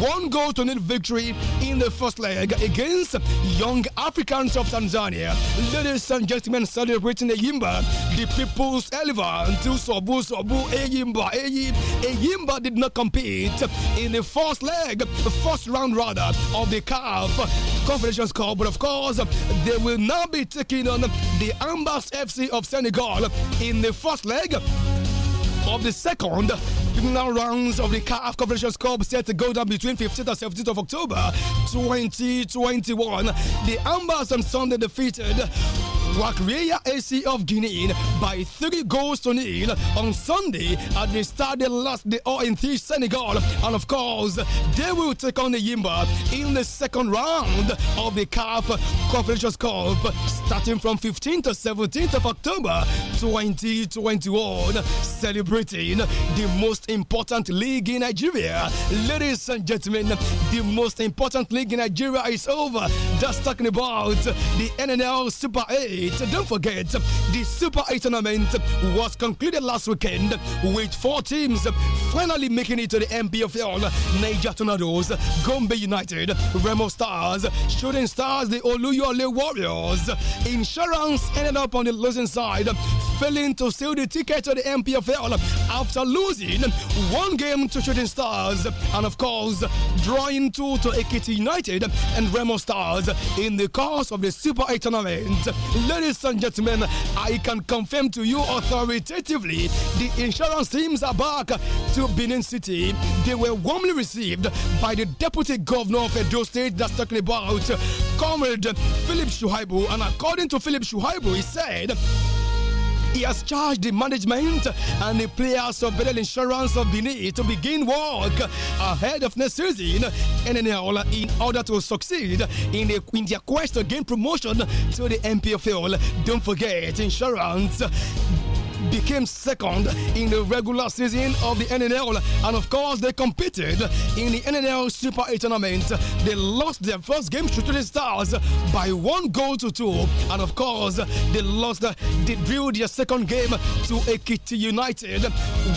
one goal to nil victory in the first leg against Young Africans of Tanzania. Ladies and gentlemen spokesman celebrating yimba. the people's elephant, Sobu Sobu Eyimba. Eyimba did not compete in the first leg, first round rather, of the CAF Confederations Cup. But of course, they will now be taking on the Ambas FC of Senegal in the first leg of the second final rounds of the CAF Confederations Cup set to go down between 15th and 17th of October 2021. The Ambas on Sunday defeated Wakreya AC of Guinea by three goals to nil on Sunday at the Stade Last day de ONT Senegal. And of course, they will take on the Yimba in the second round of the CAF Confederations Cup starting from 15th to 17th of October 2021, celebrating the most important league in Nigeria. Ladies and gentlemen, the most important league in Nigeria is over. Just talking about the NNL Super A it. Don't forget, the Super 8 tournament was concluded last weekend with four teams finally making it to the MPFL. Niger Tornadoes, Gombe United, Remo Stars, Shooting Stars, the Oluyole Warriors. Insurance ended up on the losing side, failing to seal the ticket to the MPFL after losing one game to Shooting Stars and, of course, drawing two to AKT United and Remo Stars in the course of the Super 8 tournament. Ladies and gentlemen, I can confirm to you authoritatively the insurance teams are back to Benin City. They were warmly received by the Deputy Governor of Edo State that's talking about Comrade Philip Shuhaibu. And according to Philip Shuhaibu, he said, he has charged the management and the players of Bedell Insurance of Benin to begin work ahead of next season in order to succeed in, the, in their quest to gain promotion to the MPFL. Don't forget, insurance became second in the regular season of the NNL. And of course, they competed in the NNL Super 8 tournament. They lost their first game to the Stars by one goal to two. And of course, they lost, they drew their second game to AKT United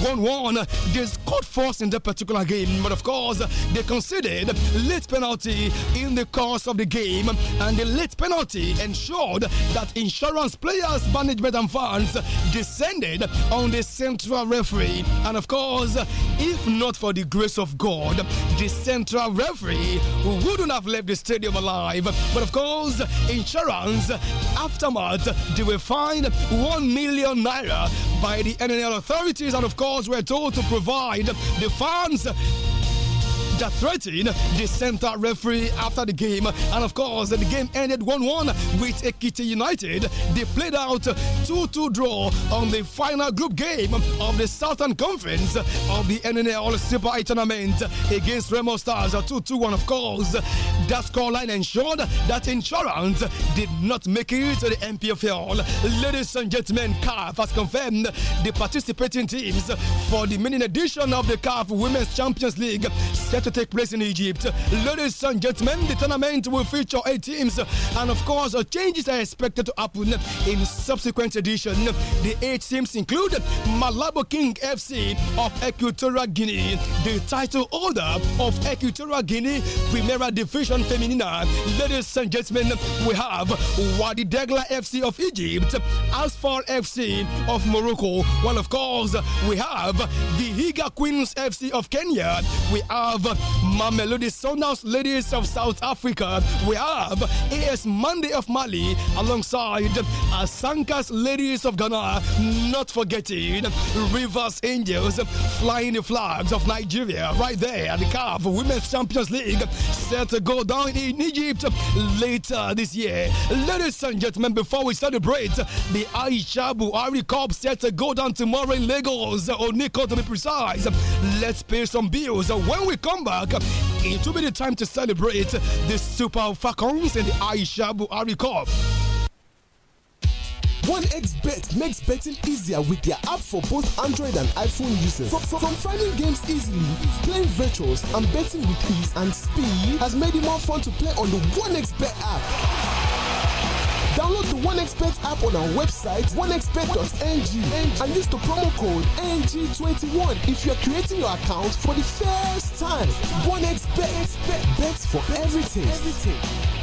1 1. They scored first in that particular game. But of course, they conceded late penalty in the course of the game. And the late penalty ensured that insurance players, management, and fans descended landed on the central referee. And of course, if not for the grace of God, the central referee wouldn't have left the stadium alive. But of course, insurance, aftermath, they were fined 1 million naira by the NNL authorities. And of course, we're told to provide the fans that threatened the center referee after the game. And of course, the game ended 1 1 with Ekiti United. They played out 2 2 draw on the final group game of the Southern Conference of the NNL Super A tournament against Remo Stars 2 2 1, of course. That scoreline ensured that insurance did not make it to the MPFL. Ladies and gentlemen, CAF has confirmed the participating teams for the main edition of the CAF Women's Champions League set to take place in Egypt. Ladies and gentlemen, the tournament will feature eight teams, and of course, changes are expected to happen in subsequent edition. The eight teams include Malabo King FC of Equatorial Guinea, the title holder of Equatorial Guinea Primera Division and Ladies and gentlemen, we have Wadi Degla FC of Egypt, Al-Far FC of Morocco. Well, of course, we have the Higa Queens FC of Kenya. We have Mamelodi Sundowns Ladies of South Africa. We have AS Monday of Mali alongside Asanka's Ladies of Ghana. Not forgetting Rivers Angels flying the flags of Nigeria right there at the CAF Women's Champions League set to go down in Egypt later this year. Ladies and gentlemen, before we celebrate the Aisha Buhari Cup set to go down tomorrow in Lagos, or oh, Nico to be precise, let's pay some bills. When we come back, it will be the time to celebrate the Super Falcons and the Aisha Buhari Cup. 1xBet makes betting easier with their app for both Android and iPhone users. From, from, from, finding games easily, playing virtuals, and betting with ease and speed has made it more fun to play on the 1xBet app. Download the 1xBet app on our website, 1xBet.ng, and use the promo code NG21 if you're creating your account for the first time. 1xBet, bets for everything. everything.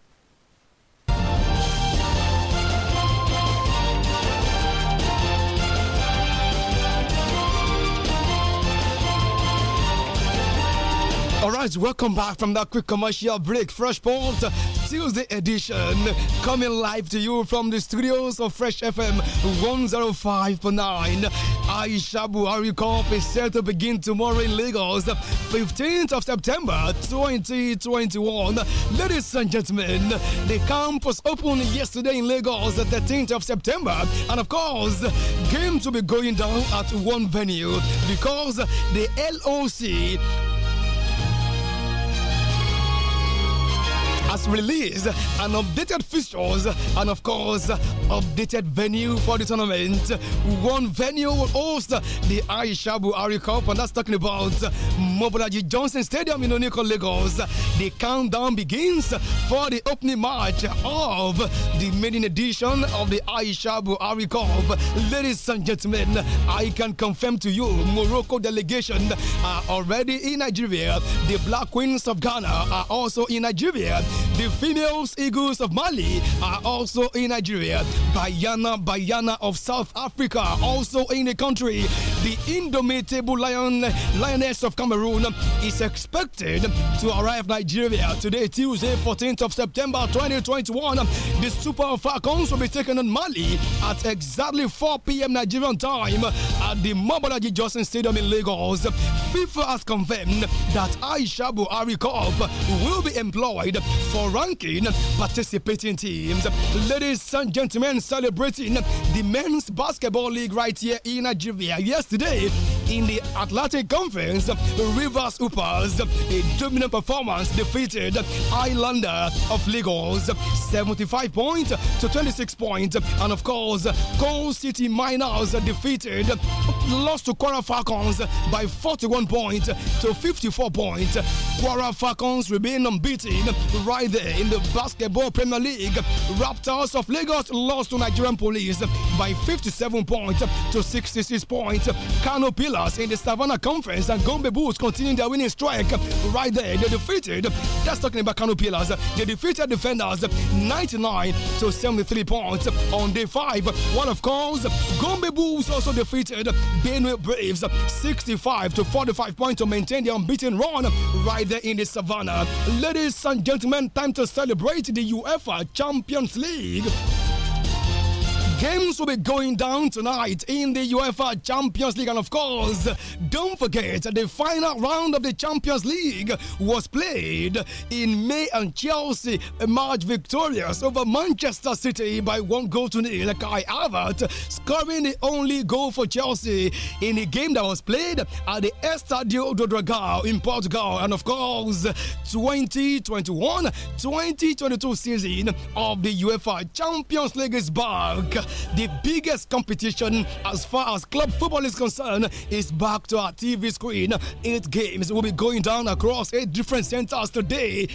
All right, welcome back from that quick commercial break. Fresh Point Tuesday edition coming live to you from the studios of Fresh FM 105.9. Aisha Buhari Cup is set to begin tomorrow in Lagos, 15th of September 2021. Ladies and gentlemen, the camp was opened yesterday in Lagos, the 13th of September, and of course, game to be going down at one venue because the LOC has released an updated fixtures and, of course, updated venue for the tournament. One venue will host the Aisha Buhari Cup, and that's talking about Mobolaji Johnson Stadium in Oniko, Lagos. The countdown begins for the opening match of the maiden edition of the Aisha Ari Cup. Ladies and gentlemen, I can confirm to you, Morocco delegation are already in Nigeria. The Black Queens of Ghana are also in Nigeria. The females eagles of Mali are also in Nigeria. Bayana Bayana of South Africa also in the country. The indomitable lion lioness of Cameroon is expected to arrive Nigeria today, Tuesday, 14th of September 2021. The Super Falcons will be taken on Mali at exactly 4 p.m. Nigerian time at the Mobolaji Johnson Stadium in Lagos. FIFA has confirmed that Aisha Buhari will be employed for ranking participating teams. Ladies and gentlemen, celebrating the Men's Basketball League right here in Nigeria yesterday in the Atlantic Conference, Rivers Hoopers, a dominant performance, defeated Islander of Lagos 75 points to 26 points. And of course, Gold City Miners defeated, lost to Quara Falcons by 41 points to 54 points. Quara Falcons remain unbeaten right there in the Basketball Premier League. Raptors of Lagos lost to Nigerian Police by 57 points to 66 points. Kano Pillar in the Savannah Conference and Gombe Bulls continuing their winning streak right there. They defeated, that's talking about Kano Pillars, they defeated defenders 99 to 73 points on day 5. One of course, Gombe Bulls also defeated Benue Braves 65 to 45 points to maintain their unbeaten run right there in the Savannah. Ladies and gentlemen, time to celebrate the UEFA Champions League. Games will be going down tonight in the UEFA Champions League. And of course, don't forget the final round of the Champions League was played in May and Chelsea emerged victorious over Manchester City by one goal to nil. Kai Havertz scoring the only goal for Chelsea in a game that was played at the Estadio do Dragão in Portugal. And of course, 2021-2022 season of the UEFA Champions League is back the biggest competition as far as club football is concerned is back to our TV screen. Eight games will be going down across eight different centers today.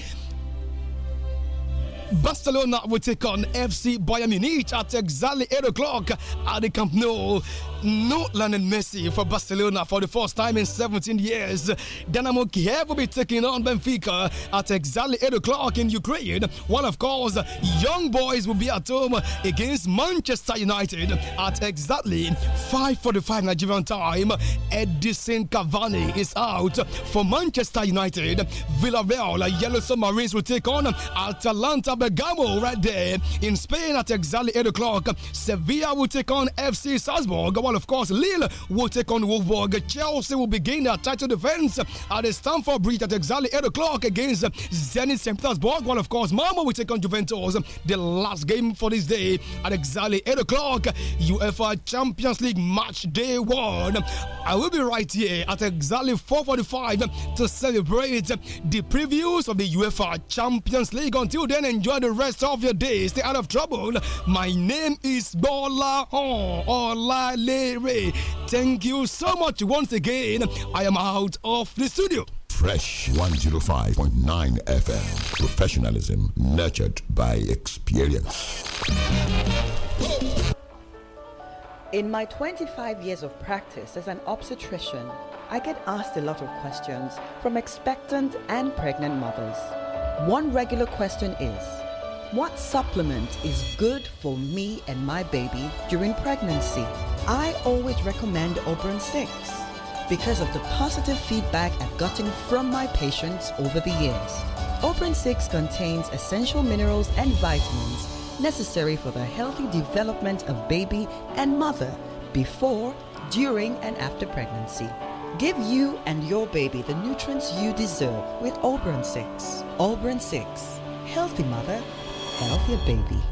Barcelona will take on FC Bayern Munich at exactly 8 o'clock at the Camp Nou no Lionel Messi for Barcelona for the first time in 17 years. Dynamo Kiev will be taking on Benfica at exactly 8 o'clock in Ukraine. While, of course, young boys will be at home against Manchester United at exactly 5.45 Nigerian time. Edison Cavani is out for Manchester United. Villarreal, Yellow Submarines will take on Atalanta Bergamo right there in Spain at exactly 8 o'clock. Sevilla will take on FC Salzburg while, of course, Lille will take on Wolfsburg. Chelsea will begin their title defense at the Stamford Bridge at exactly 8 o'clock against Zenit St. Petersburg, while, of course, Malmo will take on Juventus. The last game for this day at exactly 8 o'clock, UEFA Champions League match day one. I will be right here at exactly 4.45 to celebrate the previews of the UEFA Champions League. Until then, enjoy the rest of your day. Stay out of trouble. My name is Bola Hon Olale. Ray Thank you so much once again. I am out of the studio. Fresh 105.9 FM. Professionalism nurtured by experience. In my 25 years of practice as an obstetrician, I get asked a lot of questions from expectant and pregnant mothers. One regular question is what supplement is good for me and my baby during pregnancy? I always recommend Oberon 6 because of the positive feedback I've gotten from my patients over the years. Oberon 6 contains essential minerals and vitamins necessary for the healthy development of baby and mother before, during, and after pregnancy. Give you and your baby the nutrients you deserve with Oberon 6. Oberon 6. Healthy mother, healthier baby.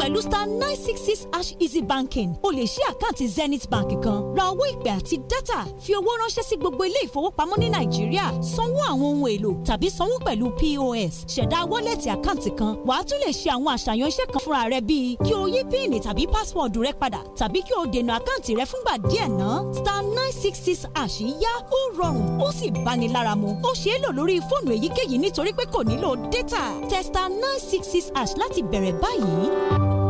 pẹ̀lú star nine six six ash easy banking o lè ṣí àkáǹtì zenith bank kan ra owó ìpè àti dátà fi owó ránṣẹ́ sí gbogbo ilé ìfowópamọ́ ní nàìjíríà sanwó àwọn ohun èlò tàbí sanwó pẹ̀lú pos ṣẹ̀dá wọ́lẹ̀tì àkáǹtì kan wàá tún lè ṣe àwọn àṣàyàn iṣẹ́ kan fúnra rẹ bíi kí o yí píìnì tàbí pásíwọ̀dù rẹ padà tàbí kí o dènà àkáǹtì rẹ fúngbà díẹ̀ ná star nine six six ash yá ó rọrùn ó sì bani lára mu ó ṣeé lò lórí fóònù èyíkéyìí nítorí pé kò nílò dátà tẹ star nine six six ash láti bẹ̀rẹ̀ báyìí.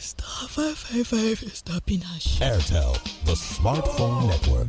Star 555 is Airtel, the smartphone network.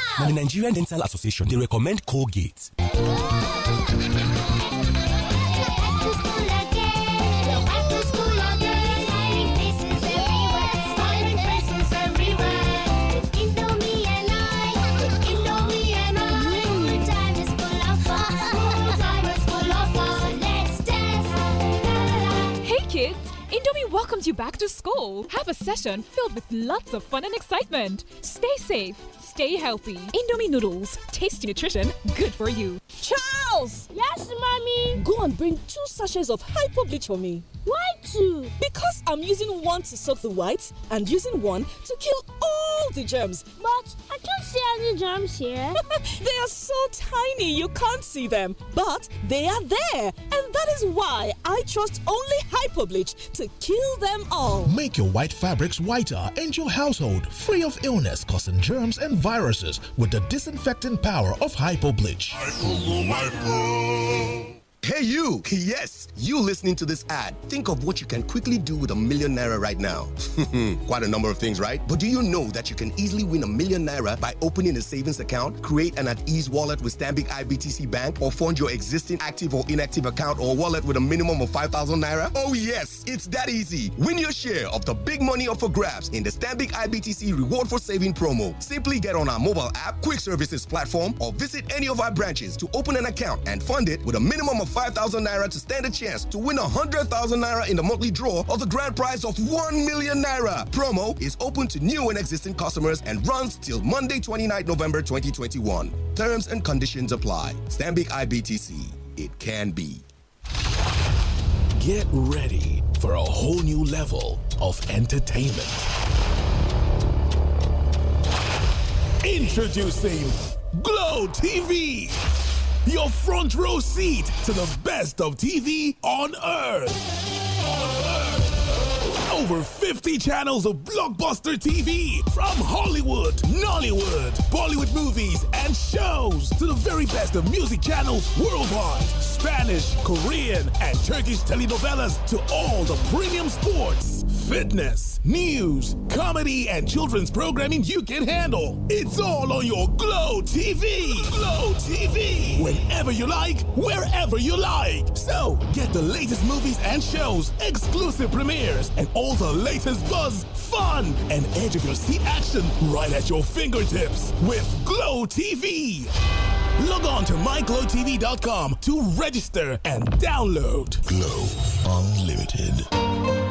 Now, the Nigerian Dental Association, they recommend Colgate. welcomes you back to school. Have a session filled with lots of fun and excitement. Stay safe, stay healthy. Indomie noodles, tasty nutrition, good for you. Charles! Yes, mommy? Go and bring two sachets of Hypo Bleach for me. Why two? Because I'm using one to soak the whites and using one to kill all the germs. But I can't see any germs here. they are so tiny you can't see them, but they are there. And that is why I trust only Hypo Bleach to kill them all. Make your white fabrics whiter and your household free of illness causing germs and viruses with the disinfectant power of Hypo Bleach. Hypo, hypo. Hey, you! Yes, you listening to this ad. Think of what you can quickly do with a million naira right now. Quite a number of things, right? But do you know that you can easily win a million naira by opening a savings account, create an at ease wallet with Stanbic IBTC Bank, or fund your existing active or inactive account or wallet with a minimum of 5,000 naira? Oh, yes, it's that easy. Win your share of the big money up for grabs in the Stanbic IBTC Reward for Saving promo. Simply get on our mobile app, quick services platform, or visit any of our branches to open an account and fund it with a minimum of 5,000 naira to stand a chance to win 100,000 naira in the monthly draw of the grand prize of 1 million naira. Promo is open to new and existing customers and runs till Monday, 29 November 2021. Terms and conditions apply. Stanbic IBTC. It can be. Get ready for a whole new level of entertainment. Introducing Glow TV your front row seat to the best of TV on earth. On earth. Over 50 channels of blockbuster TV from Hollywood, Nollywood, Bollywood movies, and shows to the very best of music channels worldwide. Spanish, Korean, and Turkish telenovelas to all the premium sports fitness, news, comedy, and children's programming you can handle. It's all on your Glow TV. Glow TV. Whenever you like, wherever you like. So get the latest movies and shows, exclusive premieres, and all the latest buzz, fun, and edge of your seat action right at your fingertips with Glow TV. Log on to myglowtv.com to register and download Glow Unlimited.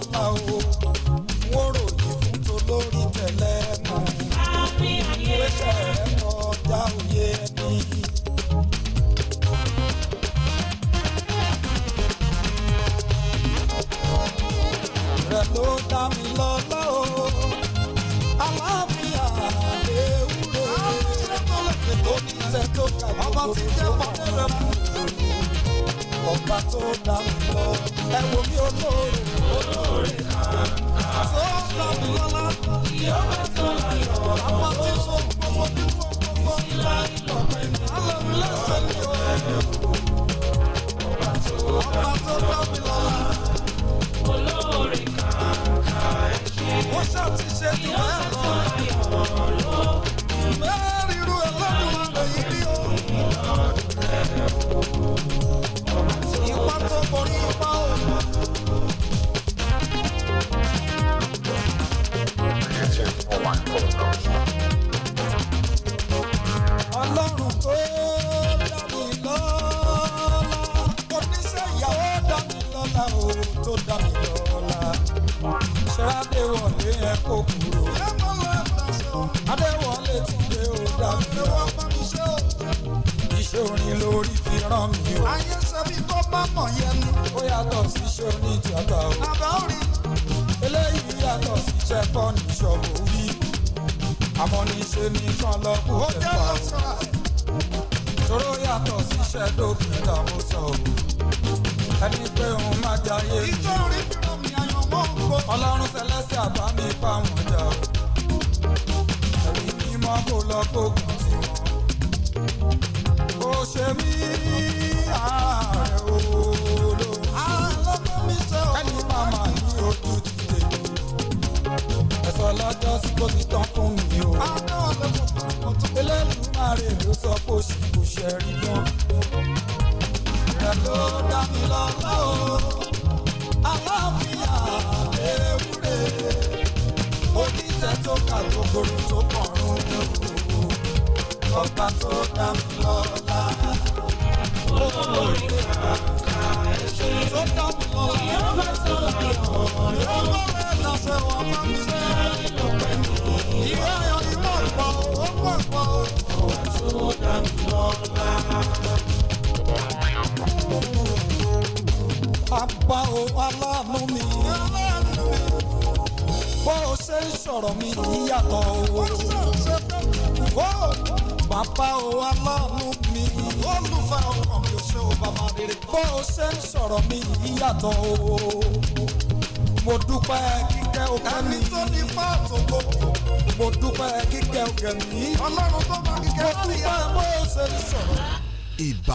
rẹ̀ ló dá mi lọ́lá o. aláàfíà ewúro aláàfíà tó ní iṣẹ́ tó ga ọba tí jẹ́ pàdé rẹ̀ mú. ọba tó dá mi lọ ẹ wo mi olóore. olóore hàn án. tó dá mi lọ́lá. ìyọ́wé tó láyọ̀ ọ̀hún. àwọn tí ó gbọ́mọ́ bí wọ́n gbọ́mọ́. ìlà ìlọ̀pẹ̀ mi. alẹ́ mi lẹ́sẹ̀ ni o. ọba tó dá mi lọ́lá. Mon chant, tu sais,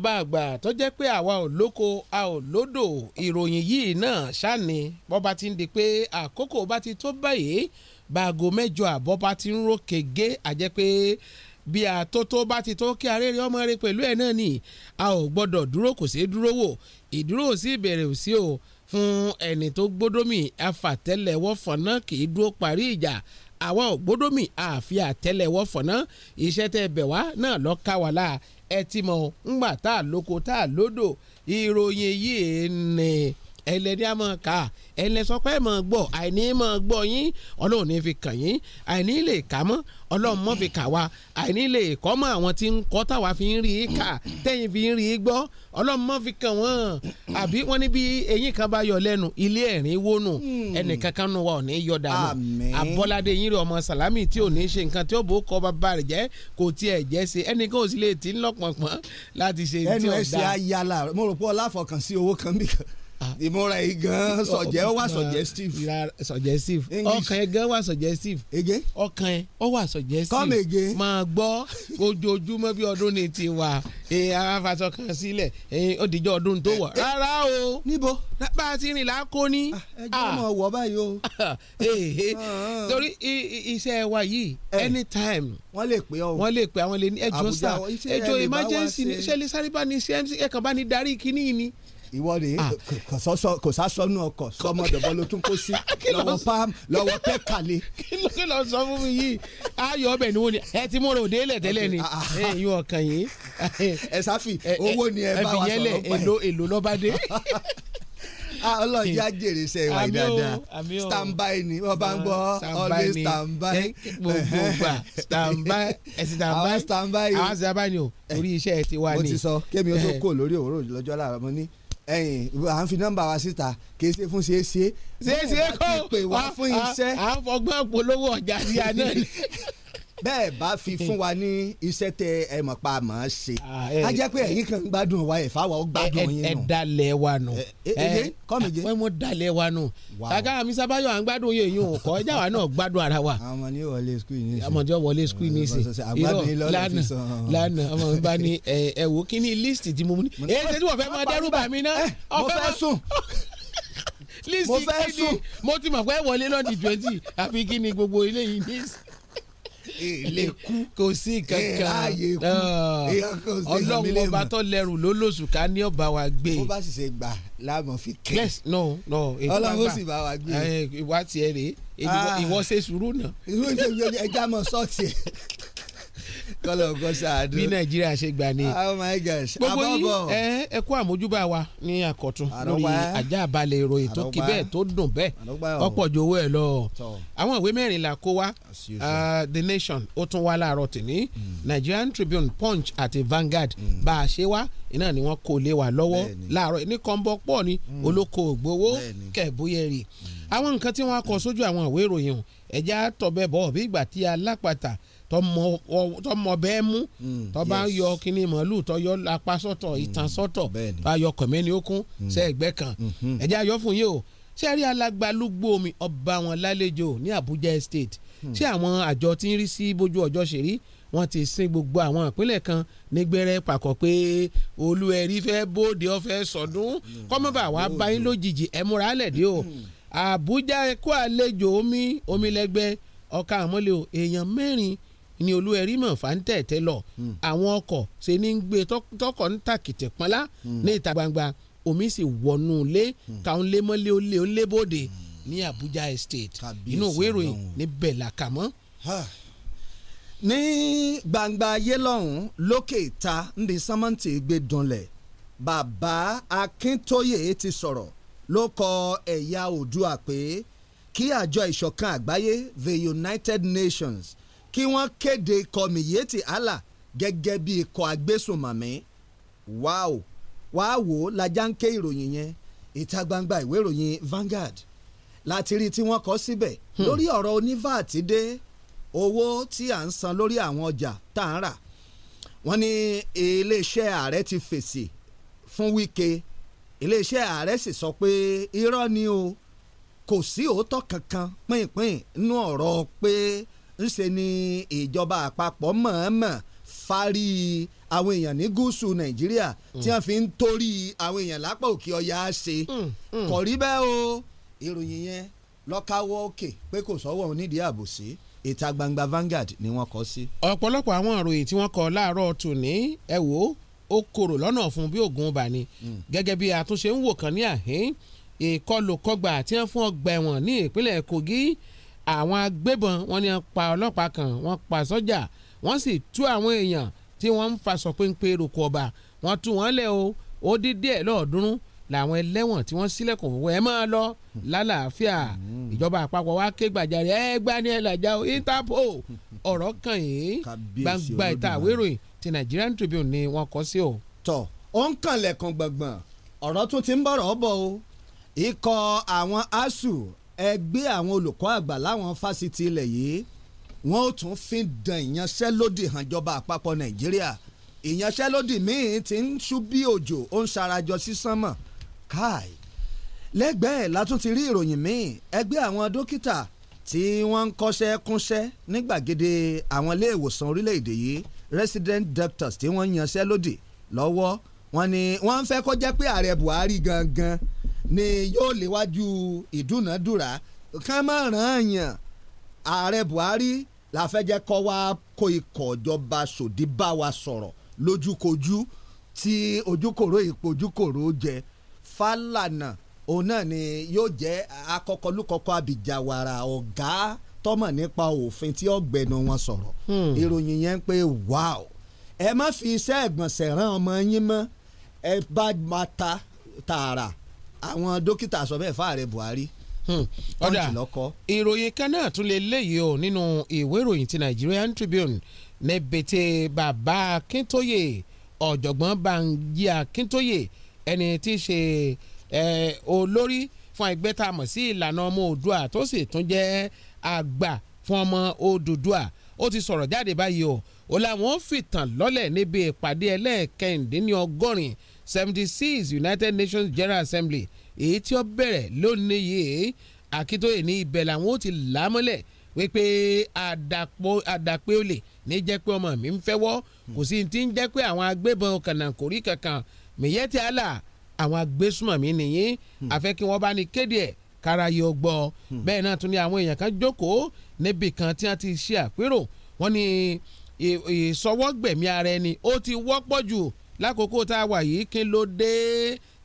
ọba àgbà tó jẹ́ pé àwa ò lóko a ò lódò ìròyìn yìí náà ṣáni bọ́ba ti ń di pé àkókò bá ti tó báyìí báago mẹ́jọ àbọ̀ bá ti ń ró kege àjẹ́ pé bí àtótó bá ti tó kí arére ọmọ rẹ pẹ̀lú ẹ̀ náà ni a ò gbọ́dọ̀ dúró kò sí dúró wò ìdúró sí ìbẹ̀rẹ̀ ò sí o fún ẹni tó gbódómì afàtẹ́lẹ̀wọ́ fọ̀nà kì í dúró parí ìjà àwa ò gbódómì àfi àtẹ́lẹ̀wọ́ fọ̀nà iṣẹ́ tẹ́ bẹ̀ wá náà lọ́ọ́ ká wà ẹ ti mọ̀ ńgbà tá a lóko tá a lódò ìròyìn yìí ni ẹlẹ́ni àmọ́ ká ẹlẹ́sọpẹ́ mọ̀ gbọ́ àìní mọ̀ gbọ́ yín ọlọ́run ní fi kàn yín àìní lè kà mọ́ ọlọ́run mọ́ fi kà wá àìní lè kọ́ mọ́ àwọn tí ń kọ́ táwa fi ń rí i kà tẹ́yìn fi ń rí i gbọ́ ọlọ́run mọ́ fi kàn wọ́n àbí wọ́n ní bí eyín kan bá yọ lẹ́nu ilé ẹ̀rín wónú hmm. ẹnìkankan nu wa ò ní yọ dànù abọ́ládé yín rí ọmọ sàlámì tí ò ní ṣe nǹkan tí ó bò kọ́ bàbá rẹ̀ jẹ́ kò tiẹ̀ jẹ́ ṣe ẹnìkan ò sì lè tí ń lọ́pọ̀npọ̀n ìmúra yìí gan sọjẹ wà suggestive. suggestive ọkàn ẹ gan wà suggestive. ege ọkàn ẹ ọ wà suggestive. come again. máa gbọ́ ojoojúmọ́ bí ọdún ni ti wà àwọn afaṣọ kan sílẹ̀ ó dìjọ́ ọdún tó wọ̀ rárá o. níbo. bá a ti rìn lákó ní. Ah, ẹjọ́ mọ̀ wọ́ báyìí o. Ah, ah. torí iṣẹ́ wa yìí anytime. wọ́n lè pè ọ́. wọ́n lè pè àwọn lè ní ẹjọ́ sá ẹjọ́ emergency ní iṣẹ́ lè sáré bá ní cmc ẹ̀kan bá ní darí kíní ni ìwọ rèé ah. kò sásọnù ọkọ sọmọdọ̀bọ ló tún kó sí lọ́wọ́ pam lọ́wọ́ pẹ́kàlẹ́. kí ló sọ fún mi yìí ayọ̀ ọbẹ̀ ni wọ́n ni ẹ ti múra òde ilẹ̀ tẹ́lẹ̀ ni ah, ah. ẹ̀yin ọ̀kan yìí. ẹ sáfì owó ni ẹ bá wa sọ̀rọ̀ pẹ̀. ẹ̀fìyẹ́lẹ̀ èlò èlò lọ́bàdé ọlọ́run yá jèrè iṣẹ́ ìwà dáadáa stand by ni wọ́n bá ń gbọ́ always stand by. gbogbo gbà stand by ẹ̀sìn stand by àwọn stand by ni o orí iṣẹ́ ẹ ti wá ni. mo ti sọ kémi o tó eh. kò lórí òwúrò lọ́jọ́ láàárọ̀ mo ní ẹyìn à ń fi nọ́mbà wa síta kì í ṣe fún ṣe é ṣe é ṣe é kó wá fún iṣẹ́ polówó ọjà sí àná bẹ́ẹ̀ bá fi fún wa ní iṣẹ́ tẹ ẹ mọ̀ pa mọ̀ ọ́ ṣe ah, a jẹ́ pé ẹ̀yin kan gbádùn wa ẹ̀fà wa ó gbádùn yín nù. ẹ dalẹ̀ wa nù. ẹ kọ́mìjẹ. Ah, wọ́n mú dalẹ̀ wa nù. kàkà àmísà báyọ̀ à ń gbádùn yẹn yìí kọ́ ẹja wa náà gbádùn ara wa. àwọn ni yóò wọlé skul ní ìsìn. àwọn ni yóò wọlé skul ní ìsìn. irọ́ lánà lánà ọmọ mi bá ní ẹ wò kí ni list tí mú ní. èyí ṣe tí wọ́n fẹ́ máa dẹ́rù bà mí mo ti mọ̀ pé wọlé lọ́ọ̀dì twenty àfi kí ni gbogbo ilé ní ilé kú kò sí kankan ọlọ́run ọba tó lẹ́rù ló lóṣù ká ní ọba wa gbé. bó bá sì ṣe gbà láàmú fi kẹ́. yes no no ọlọ́run ó sì bá wa gbé. ìwà tiẹ̀ rèé ah. ìwọ ṣe sùúrù náà. ìwọ ṣe ẹja mọ sọ́ọ̀tì kọ́lọ̀ nǹkan ṣáàdó. bí nàìjíríà ṣe gbà ni. oh my gosh gbogbo yín ẹ ẹ kú àmójúbà wa ní àkọ́tún lórí ajá àbálẹ̀ ìròyìn tó kí bẹ́ẹ̀ tó dùn bẹ́ẹ̀ ọ̀pọ̀ ju owó ẹ̀ lọ. àwọn ìwé mẹ́rin la kó wa ah, the nation ó tún wá láàárọ̀ tìní hmm. nigerian tribune punch àti vanguard hmm. bá a ṣe wá iná ni wọ́n kò lè wà lọ́wọ́ láàárọ̀ ní kọ́ńbọ́ pọ̀ ni hmm. olóko ògbówó kẹ̀bóyẹ̀rì àwọn nǹkan tí wọ́n kọ sójú àwọn ìwé ìròyìn ẹ̀já tọ̀bẹ̀ bọ̀ bí ìgbà tí alápàtà tọmọ bẹ́ẹ̀ mú hmm, tọba ń yọ kíní màálù tọyọ apá sọ́tọ̀ hmm, ìtàn sọ́tọ̀ báyọ kọ̀mẹ́ni ó kún sẹ́ẹ̀gbẹ́ hmm. kan ẹ̀jẹ̀ ayọ́ fún yìí o sẹ́ẹ̀rí alágbálúgbó omi ọba wọn lálejò ní Abuja Estate ṣé àwọn àjọ tí ń rí sí bójú ọjọ́ ṣèrí wọ́n ti sin gbogbo àwọn ìpínlẹ̀ kan nígbẹ́rẹ́ pàkọ́ pé olúẹ̀rí fẹ́ bóde ọ̀fẹ́ sọ̀dún kọ́mọ́bà wàá bá yín lójijì ẹ̀ múra lẹ̀ dé o Abuja ẹ̀kọ́ àlejò omi omi omilẹ́gbẹ́ ọ̀ka àmọ́lẹ̀ o èèyàn mẹ́rin ni olúẹ̀rí mọ̀ fáńtẹ̀ tẹ́ lọ hmm. àwọn ọkọ̀ ṣe ní gbé tọkọ̀ ń tàkìtì pọ́nlá hmm. ní ìta gbangba omi sì wọnú lé hmm. káwọn lé mọ́lé ó lé ó ní Abuja Estate inú òwe ìròyìn níbẹ̀ làkàmọ́ ní gbangba ayé lọ́hùn-ún lókè ìta níbi sọ́mọ́ǹtì gbé dunlẹ̀ bàbá Akíntóyè ti sọ̀rọ̀ ló kọ ẹ̀yà Oòduà pé kí àjọ ìṣọ̀kan àgbáyé the United Nations kí wọ́n kéde kọmíyétì Allah gẹ́gẹ́ bí ikọ̀ agbésùnmọ̀mí wáò wáá wò ó lajá ń ké ìròyìn yẹn ìta gbangba ìwé ìròyìn Vanguard láti rí tí wọ́n kọ́ síbẹ̀ hmm. lórí ọ̀rọ̀ onívat dé owó tí à ń san lórí àwọn ọjà tá à ń rà wọ́n ní iléeṣẹ́ ààrẹ ti fèsì fún Wike iléeṣẹ́ ààrẹ sì sọ pé irọ́ ni o kò sí òótọ́ kankan pínpín nínú ọ̀rọ̀ pé ńṣe ni ìjọba àpapọ̀ mọ̀ọ́mọ̀ fárí àwọn èèyàn ní gúúsù nàìjíríà tí wọ́n fi ń torí àwọn èèyàn lápá òkè ọya ṣe mm, mm. kò rí bẹ́ẹ̀ o ìròyìn yẹn lọ́káwọ́ òkè pé kò sọ́wọ́ onídìí àbòsí ìta gbangba Vanguard ni wọ́n kọ sí. ọ̀pọ̀lọpọ̀ àwọn ìròyìn tí wọ́n kọ láàárọ̀ tòní ẹ wò ó korò lọ́nà fún bí oògùn ibà ni mm. gẹ́gẹ́ bí àtúnṣe ń wò kàn ní àhín ìkọlù kọgbà tí wọ́n fún ọgbà ẹ̀wọ̀n ní ìpínlẹ̀ Kogi àwọn agbébọn wọ́n ní pa ọlọ́pàá kan wọ́n pa sọ́jà wọ́n sì tú àwọn èèyàn tí wọ́n ń fa sọ péńpé roko ọba wọ́n tú wọ́n lẹ̀ o ó dín díẹ̀ lọ́ọ̀dúnrún làwọn ẹlẹ́wọ̀n tí wọ́n sílẹ̀kùn fún ẹ máa lọ lálàáfíà ìjọba àpapọ̀ wa ké gbàjarè ẹ gbá ní ẹlàjà o Interpol ọ̀rọ̀ kan yìí gbangba ìta àwéròyìn ti Nigerian Tribune ni wọ́n kọ sí o. tọ ó ń kànlẹ̀kùn gbọ̀ngbọ̀n ọ̀rọ̀ tún ti ń bọ̀rọ̀ bọ̀ o ikọ̀ àwọn asuu ẹgbẹ́ àwọn olùkọ́ àgbà láwọn fásitì ilẹ̀ yìí wọ́n ó tún fi dàn ìyanṣẹ́lódì hànjọba àpapọ̀ nàìjíríà ìyanṣẹ́lódì míì ti ń ṣú bí òjò ó ń ṣarajọ sí sánmọ̀ káì lẹ́gbẹ̀ẹ́ látún ti rí ìròyìn míì ẹgbẹ́ àwọn dókítà tí wọ́n ń kọ́ṣẹ́ kúnṣẹ́ ní àwọn ilé orílẹ̀-èdè yìí resident doctors tí wọ́n yanṣẹ́lódì lọ́wọ́ wọn ni wọ́n ń fẹ́ kó jẹ́ pé ààrẹ Buhari gangan ni yóò léwájú ìdúnàdúrà ká má ràn án yàn ààrẹ Buhari la fẹ́ jẹ́ kọ́ wa kó ikọ̀ ìjọba sòdí bá wa sọ̀rọ̀ lójúkojú tí ojúkòrò ìpò ojúkòrò jẹ Fálànà òun náà ni yóò jẹ́ akọkọlùkọkọ àbíjàwàrà ọ̀gá tọ́mọ̀ nípa òfin tí ọ̀gbẹ́nu wọn sọ̀rọ̀ hmm. ìròyìn yẹn pé wow ẹ má fi iṣẹ́ ẹ̀gbọ̀nsẹ̀ rán ọmọ yín mọ́ ẹ bá máa tààrà àwọn dókítà sọ bẹ́ẹ̀ fáàrẹ Buhari hmm. ọ̀dà ìròyìn kan náà tún lè léyìí o nínú ìwé ìròyìn ti Nigerian Tribune nẹ́bẹ̀tẹ̀ bàbá Akíntóyè ọ̀jọ̀gbọ́n Banji Akíntóyè ẹni tí í ṣe olórí fún ẹgbẹ́ tá a mọ̀ sí ìlànà ọmọ Oòduà tó sì tún jẹ́ àgbà fún ọmọ Oòduà ó ti sọ̀rọ̀ jáde báyìí o ó láwọn fìtàn lọ́lẹ̀ níbi ìpàdé ẹlẹ́ẹ̀kẹ́ndínlọ́gọ́rin seventy six United Nations General Assembly èyí tí ó bẹ̀rẹ̀ lónìí yìí Akíntóyè ní ibẹ̀ làwọn ó ti là á mọ́lẹ̀ wípé àdàpé olè ní jẹ́ pé ọmọ mi ń fẹ́wọ́ kò sí ti ń jẹ́ pé àwọn agbébọn kànáńkórí kankan mìyẹ́tì àlà àwọn agbésùmọ̀mí nìyí àfẹ́ kí wọ́n bá ní kéde ẹ̀ kára yóò gbọ́ bẹ́ẹ̀ náà tún ní àwọn èèyàn kan jókòó níbì kan tí wọ́n ti ṣe àpérò wọ́n ní ìsọwọ́gbẹ̀mí ara ẹni ó ti wọ́pọ̀ jù lákòókò tá a wà yìí kí ló dé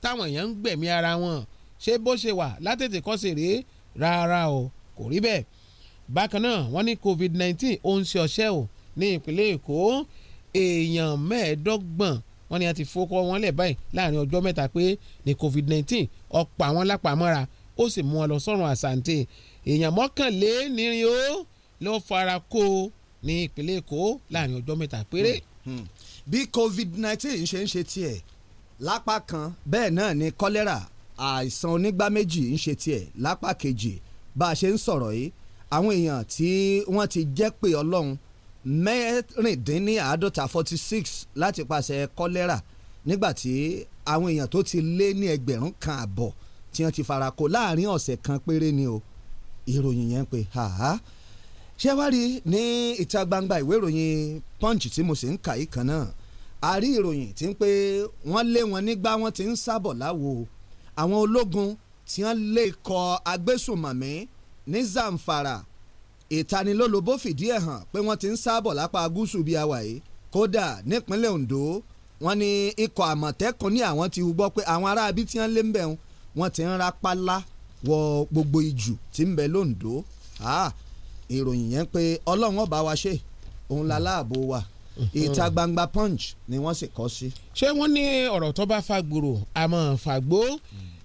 táwọn èèyàn ń gbẹ̀mí ara wọn ṣé bó ṣe wà látètè kọ́ sí rèé rárá o kò rí bẹ́ẹ̀ bákan náà wọ́n ní covid-19 ó ń ṣe ọṣẹ́ o ní ìpínlẹ̀ èkó èèyàn mẹ́ẹ̀ẹ́dọ́gbọ̀n wọ́n ní a ti fọkọ wọn lẹ̀ báyìí láàrin ọjọ́ mẹ́ta pé ní covid-19 ọ̀pọ̀ àwọn lápamọ́ra ó sì mú wọn lọ sọ́run àsàǹtẹ̀ èèyàn mọ́kànlénírin ó lọ́ọ́ fara kó ní ìpínlẹ̀ èkó láàrin ọjọ́ mẹ́ta péré. Hmm. Hmm bí covid nineteen ṣe ń ṣe tiẹ̀ lápá kan bẹ́ẹ̀ náà ni kọ́lẹ́rà àìsàn onígbá méjì ń ṣe tiẹ̀ lápá kejì bá a ṣe ń sọ̀rọ̀ yìí àwọn èèyàn tí wọ́n ti jẹ́ pé ọlọ́run mẹ́rìndínláàádọ́ta forty six láti pàṣẹ kọ́lẹ́rà nígbàtí àwọn èèyàn tó ti lé ní ẹgbẹ̀rún kan àbọ̀ tí wọ́n ti fara kó láàrin ọ̀sẹ̀ kan péré ni o ìròyìn yẹn pé ṣé wá rí ní ìta gbangba ìwé ìròyìn punch tí mo sì ń kà yìí kan náà a rí ìròyìn tí ń pé wọ́n lé wọn nígbà wọ́n ti ń sábọ̀ láwo àwọn ológun tí wọ́n lé ikọ̀ agbésùnmọ̀mí ní Zamfara ìtanilólobó fìdí ẹ̀ hàn pé wọ́n ti ń sábọ̀ lápá gúúsù bíi àwàyé kódà nípínlẹ̀ Ondo wọ́n ní ikọ̀ àmọ̀tẹ́kùn ní àwọn ti gbọ́ pé àwọn ará abí tí wọ́n lé ń bẹ̀ wọ́n ti ń rapálá wọ gbogbo ijù tí ń bẹ lóńdó ìròyìn yẹn pé ọlọ́run ọba wa ṣe òun la láàbò wa ìta gbangba punch ni wọ́n sì kọ́ sí. ṣé wọ́n ní ọ̀rọ̀ tó bá fagbòrò àmọ́ fàgbó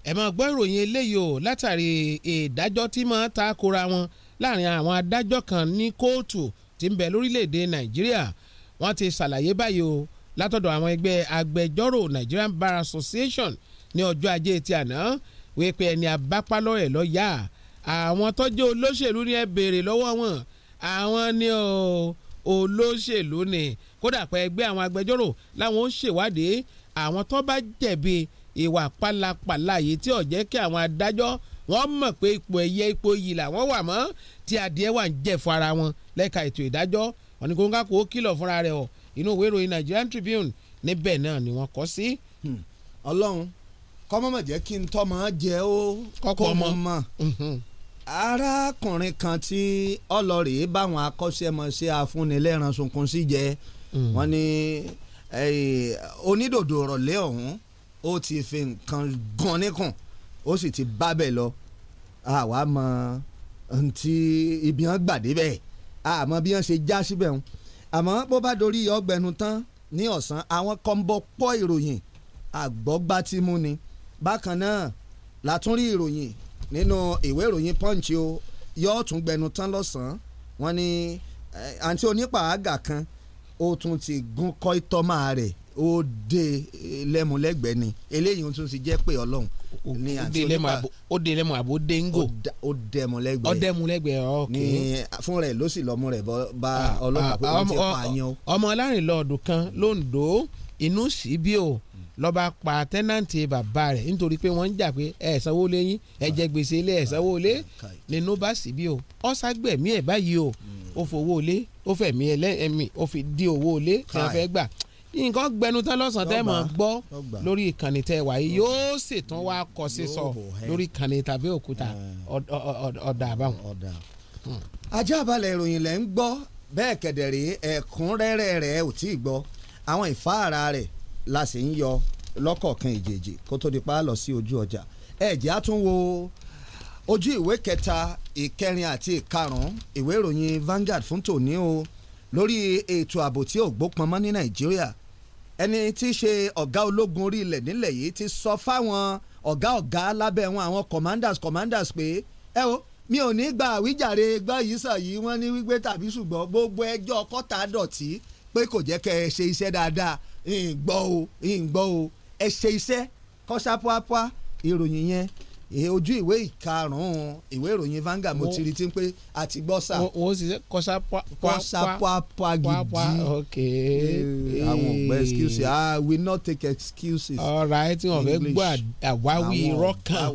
ẹ̀ máa gbọ́ ìròyìn eléyìí o látàrí ìdájọ́ tí máa ta kora wọn láàrin àwọn adájọ́ kan ní kóòtù tí ń bẹ lórílẹ̀‐èdè nàìjíríà wọ́n ti ṣàlàyé báyìí o látọ̀dọ̀ àwọn ẹgbẹ́ agbẹjọ́rò Nigerian Bar Association ní ọjọ́ ajé ti àná wípé ẹni abápálọ́ ẹ̀ lọ́ọ́ yá àwọn tọ́jú olóṣèlú ni ẹ béèrè lọ́wọ́ wọn àwọn ni olóṣèlú ni kódà pé ẹgbẹ́ àwọn agbẹjọ́rò láwọn ó ṣèwádìí àwọn tó bá jẹ̀bi ìwà pálapàla yìí tí ó jẹ́ kí àwọn adájọ́ wọ́n mọ̀ pé ipò ẹ̀yẹ ipò yìí làwọn wà mọ́ tí adìẹ wà ń jẹ fún ara wọn lẹ́ka ètò ìdájọ́ ọ̀nìkóńgàkó kìlọ̀ fúnra rẹ̀ ọ̀ inú ìwé ìròyìn Nigerian Tribune níbẹ̀ náà ni wọ́n hmm. kọ́ sí. Ọlọ́run kọ́mọ́mọ̀ jẹ́ kí n tọ́ mọ́ jẹ́ ó kọ́kọ́ mọ́ arákùnrin kan tí ọlọ́rìí báwọn akọ́ṣẹ́mọṣẹ́ afúnilẹ́ran sunkún sí jẹ hmm. wọ́n ní onídòdó rọ̀lẹ́ ọ̀hún ó ti fi nǹkan gan níkùn ó sì ti bá bẹ́ẹ̀ lọ àwa mọ ntí ibi hàn gbàdé bẹ́ẹ̀ àmọ́ bí wọ́n ṣe já síbẹ̀ ń àmọ́ bó bá dorí ọgbẹ̀nu tán ní ọ̀sán àwọn kan bọ́ pọ́ ìròyìn àgbọ́gbátímú ni bákan náà látúrí ìròyìn nínú ìwé ìròyìn punch o yóò tún gbẹnu tán lọ́sàn-án wọ́n ní àǹtí onípàágà kan ó tún ti gún kọ́ ìtọ́mà rẹ̀ ó dé lẹ́múlẹ́gbẹ̀ẹ́ ni eléyìí tún ti jẹ́ pé ọlọ́run ní àti onípa ó dé lẹ́mú àbó déńgò ó dẹ̀mú lẹ́gbẹ̀ẹ́ ó dẹ̀mú lẹ́gbẹ̀ẹ́ ok ní fún rẹ̀ ló sì lọ́mú rẹ̀ bá ọlọ́pàá pé wọ́n ti pààyàn o. ọmọ alárìnlọ́ọ̀dù kan lóńdó inú sí bí o lọ́ba pa tẹ́nàntì bàbá rẹ̀ nítorí pé wọ́n ń jà pé ẹ̀ sanwó lé yín ẹ̀ jẹ gbèsè ilé ẹ̀ sanwó lé nínú bá sì bí o ọ̀sàgbẹ̀mí ẹ̀ báyìí o ó fowó lé ó fẹ̀mí ẹlẹ́mí ó fi di owó lé tí wọ́n fẹ́ gbà nǹkan gbẹnu tán lọ́sàn-án tẹ́ mọ̀ gbọ́ lórí ìkànnì tẹ́ wáyé yóò sì tún wá kọ sí sọ lórí ìkànnì tàbí òkúta ọ̀dà àbáwọn. Hmm. ajá balẹ̀ ìròyìn lẹ́ ń gbọ́ bẹ́ẹ̀ kẹ̀dẹ̀ ẹ̀kúnrẹ́rẹ́ rẹ̀ ò tí ì gbọ́ àwọn ìfáàrà rẹ̀ la sì ń yọ lọ́kọ̀ọ̀kan èjèèjì kó tó di pa lọ sí ojú ọjà ẹ̀jẹ̀ á tún wo ojú ìwé kẹta ìkẹrin àti ìkarùn-ún ìwé ìròyìn Vanguard fún tòní o lórí ètò ààbò tí ò gbópọn mọ́ ní Nàìjíríà ẹni tí í ṣe ọ̀gá ológun orí ilẹ̀ nílẹ̀ yìí ti sọ fáwọn ọ̀gá ọ̀gá lábẹ́ wọn àwọn commanders commanders pé ẹ o mi ò ní gba àwíjàre gbọ́ yìí sọ yìí wọ́n ní wípé tàbí ṣùgbọ́n gbogbo ẹjọ́ kọ́tà dọ̀tí pé kò jẹ́ kẹ́ ẹ ṣe iṣẹ́ dáadáa ìgbọ́ o ìgbọ́ o ẹ ṣe iṣẹ́ kọ́sá pàápàá ìròyìn yẹn ojú ìwé ìkarùn-ún ìwé ìròyìn Vanguard mo ti rí ti pé àti gbọ́ sà. o sì ṣe kọ́sá pàápàá gidi okay àwọn ọ̀gbẹ́ excuses ah we not take excuses. ọ̀rọ̀ ayé tí wọ́n fẹ́ gbọ́ àwáwí irọ́ kan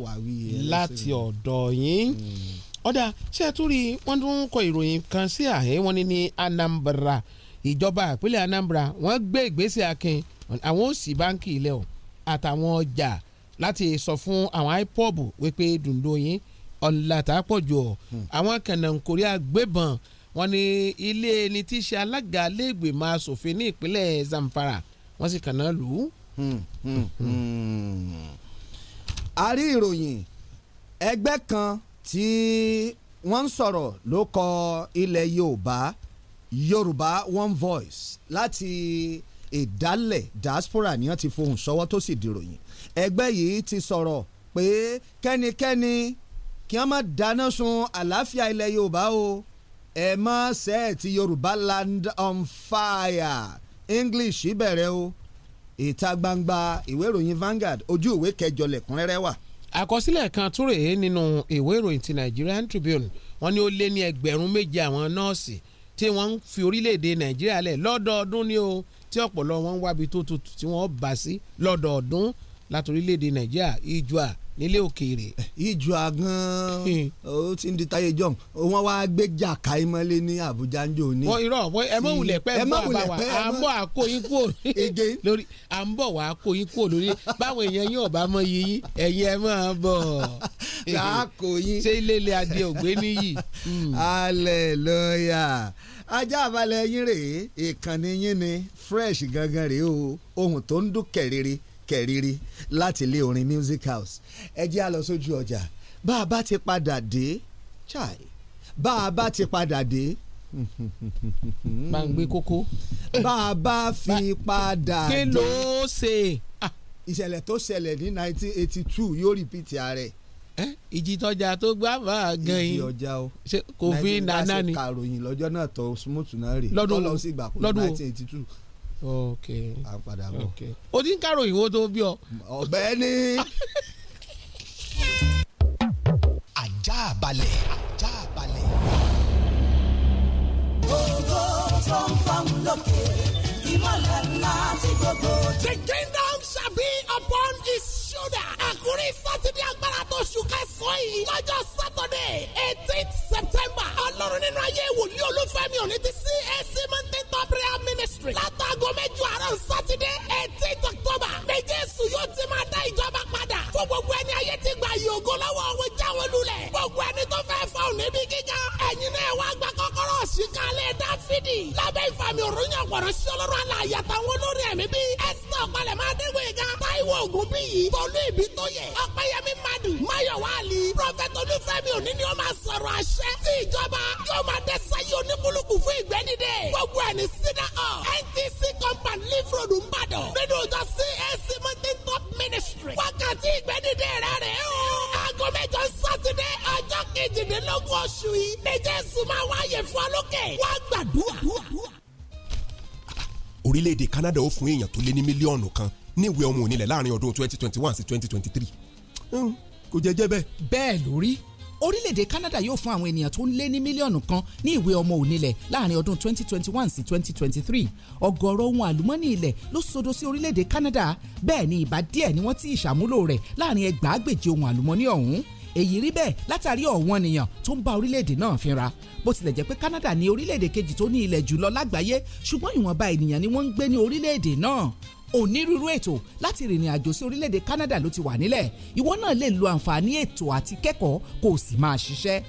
láti ọ̀dọ̀ yín hmm. ọ̀dà ṣé ẹ tún rí wọ́n tún kọ ìròyìn kan sí àhẹ́ wọn ní Anambra ìjọba ìpínlẹ̀ Anambra wọ́n gbé ìgbésẹ̀ akin àwọn ó sì báńkì ilẹ̀ o àtàwọn ọjà láti sọ fún àwọn IPOB wípé dùndó yín ọ̀làtà pọ̀jù ọ̀ hmm. àwọn kànáńkórí àgbébọn wọ́n ní ilé ẹni tí í ṣe alága lẹ́gbẹ̀mọ asòfin ní ìpínlẹ̀ Zamfara wọ́n sì kànáà lù ú. Hmm, hmm, a rí ìròyìn ẹgbẹ́ kan tí wọ́n ń sọ̀rọ̀ ló kọ ilẹ̀ Yorùbá yorùbá one voice láti ìdálẹ̀ diaspora ni wọ́n ti fohùn ṣọwọ́ tó sì dìròyìn ẹgbẹ́ yìí ti sọ̀rọ̀ pé kẹ́nikẹ́ni kí wọ́n má dáná sun àlàáfíà ilẹ̀ yorùbá o ẹ mọ́ sẹ́ẹ̀tì yorùbá land on fire english bẹ̀rẹ̀ o ìta gbangba ìwé ìròyìn Vanguard ojú ìwé kẹjọ lẹ̀kúnrẹ́rẹ́ wà. àkọsílẹ̀ kan tún rèé nínú ìwé ìròyìn ti Nigerian Tribune wọ́n ní ó lé ní ẹgbẹ̀rún méje àwọn nọ́ọ̀sì tí wọ́n ń fi orílẹ̀-èdè nàìjíríà lẹ̀ lọ́dọọdún ni o tí ọ̀pọ̀lọ wọn ń wábi tó tutù tí wọ́n bá sí lọ́dọọdún láti orílẹ̀-èdè nàìjíríà ìjọ à nílé òkèèrè. ìjù àgàn ó ti ń di táyé john wọn wá gbé jàkà ìmọ̀lé ní àbújá ń jò ní. wọ́n irọ́ ẹ mọ̀ wulẹ̀ pẹ́ ń bọ̀ àbáwá à ń bọ̀ àkó yín kúò lórí à ń bọ̀ wá àkó yín kúò lórí báwọn èèyàn yín ọ̀bá mọ iye yín ẹ̀yin ẹ máa bọ̀. àkó yín ṣé ilé ilé adé ògbé níyì. Hmm. hallelujah ajá àbálẹ̀ yín rèé ìkànnì yín ni fresh gangan rèé o ohun tó ń dún kẹ̀rẹ̀rẹ̀ kẹ̀rírí láti ilé orin music house ẹ jẹ́ a lọ sójú ọjà bá a bá ti padà dé chai bá a bá ti padà dé gbàngbé kókó. bá a bá fi padà dé. kí ló ṣe. Ah. ìṣẹ̀lẹ̀ tó ṣẹlẹ̀ ní nineteen eighty two yóò repeat ààrẹ. ìjì tọjà tó gbá bá a gan yín. ìjì ọjà o kò fi nàánà ni. nàìjíríà ṣe kàròyìn lọ́jọ́ náà tó smooth náà rè lọ́dún lọ́dún nineteen eighty two ok à ń padà bọ̀. o ti ń kárò ìwo tó bí ọ. ọ̀gbẹ́ni. ajá balẹ̀ ajá balẹ̀. gbogbo tó ń fọ́n lókè ìmọ̀lẹ̀ ńlá ti gbogbo. the kingdom shall be upon his shoulder. àkúrí sátidé agbára tó ṣù kẹsàn-án yìí. lọ́jọ́ sátọ̀dẹ̀ eighteenth september. ọlọ́run nínú ayé wòlíì olúfẹ́mi òní ti sí àyàtàwọn olórí ẹ̀mí bíi ẹ̀sítọ́ ọ̀pálẹ̀mọ́ adégbèga táíwò ògùn bíyì tolú ìbí tó yẹ ọ̀pẹ́yẹmí madu máyọ̀wá àlì prọfẹ̀tì olúfẹ́mi òní ni Canada ó fún èèyàn tó lé ní mílíọ̀nù kan níwèé ọmọ onílẹ̀ láàrin ọdún twenty twenty one sí twenty hmm, kò jẹ́ bẹ́ẹ̀. bẹ́ẹ̀ lórí orílẹ̀-èdè Canada yóò fún àwọn ènìyàn tó ń lé ní mílíọ̀nù kan ní ìwé ọmọ onílẹ̀ láàrin ọdún 2021 sí 2023 ọ̀gọ̀ọ̀rọ̀ ohun àlùmọ́nì ilẹ̀ ló sodo sí orílẹ̀-èdè Canada bẹ́ẹ̀ ni ìbá díẹ̀ ni wọ́n ti ìṣàmúlò rẹ̀ láàrin ẹgbàágbèje ohun àlùmọ́nì ọ̀hún èyí rí bẹ́ẹ̀ látàrí ọ̀wọ́n ènìyàn tó ń bá orílẹ̀-èdè náà fínra bó tilẹ̀ jẹ́ pé Canada ni orílẹ̀-èdè kejì tó ní ilẹ̀ jùlọ lágbàáyé ṣùgbọ́n ìwọ̀nba ènìyàn ni wọ́n ń gbé ní orílẹ̀-èdè náà onírúurú ètò láti rìnrìn àjò sí orílẹ̀-èdè Canada ló ti wà nílẹ̀ ìwọ náà lè lo àǹfààní ètò àti kẹ́kọ̀ọ́ kó o sì máa ṣiṣẹ́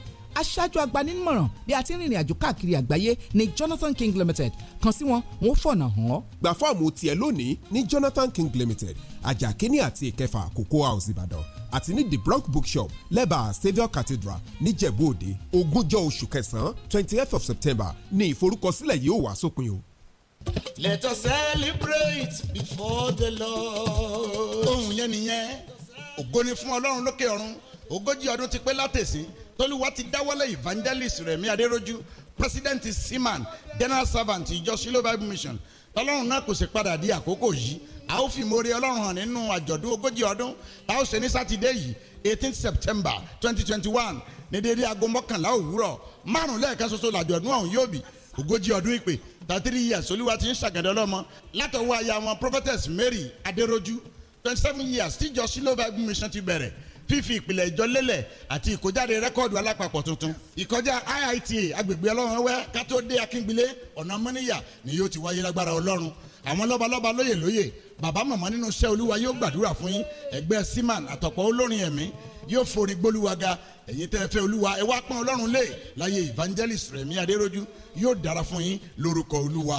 aṣáájú agbanímọ̀ràn bí a ti ń rìnrìn àjò káàkiri àgbáyé ní Jonathan King Limited kan sí wọn wọn fọ̀nà hàn án. gba fọ́ọ̀mù tiẹ̀ lónìí ní Jonathan King Limited ajakini àti ìkẹfà Cocoa House Ìbàdàn àti ní the bronc bookshop lẹ́bàá saviour cathedral níjẹ̀bú òde ogúnjọ́ oṣù kẹsàn-án twenty of september ni ìforúkọsílẹ̀ yìí ó wà sópin o. let us celebrate before the lord. ohun yẹn nìyẹn ògo ni fún ọlọ́run lókè ọ̀run ogójì ọdún ti pé látẹ̀sí tolúwa ti dáwọ́lé evangelist rẹ̀mí adéròjú president Simon. general servant ìjọ silo bible mission tọ́lọ́run náà kò sì padà di àkókò yìí a ó fi moore ọlọ́run hàn nínú àjọ̀dún ogójì ọdún a ó ṣe ní sátidé yìí eighteen september twenty twenty one ní déédéé aago mọ́kànlá òwúrọ̀ márùn lẹ́ẹ̀kan ṣoṣo làjọ̀dún ọ̀hún yóò bì ogójì ọdún ìpè thirty three years olúwa ti ń ṣàgàdọ́ lọ́mọ látọwọ́ aya wọn prophetess mary adéròjú twenty seven years tíjọ sílóbà mission ti bẹ̀rẹ̀ fífi ìpìlẹ̀ ìjọ lélẹ̀ àti ìkójáde rẹ́kọ́ọ̀dù alápapọ̀ tuntun ìkọjá IITA agbègbè ọlọ́run wẹ́ kátódé akíngbélé ọ̀nà mọ́níyà ni yóò ti wáyé lágbára ọlọ́run àwọn lọ́balọ́ba lóyè lóyè bàbá màmá nínú iṣẹ́ olúwa yóò gbàdúrà fún yín ẹgbẹ́ siman àtọ̀pọ̀ olórin ẹ̀mí yóò forí gbólúwaga ẹ̀yin tẹ́ ẹ fẹ́ olúwa ẹ wá pọ́n ọlọ́run lé láyé evangelist rẹ̀mí adéròjú yóò dára fún yín lórúkọ olúwa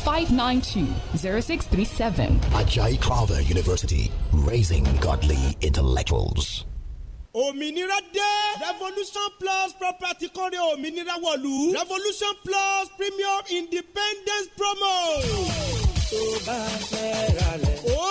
592-0637. Ajayi Crowther University, raising godly intellectuals. òmìnira dé. revolution plus property kọ́rẹ́ òmìnira wọ̀lú. revolution plus premium independence promo. tó bá fẹ́ ra lẹ̀. ó.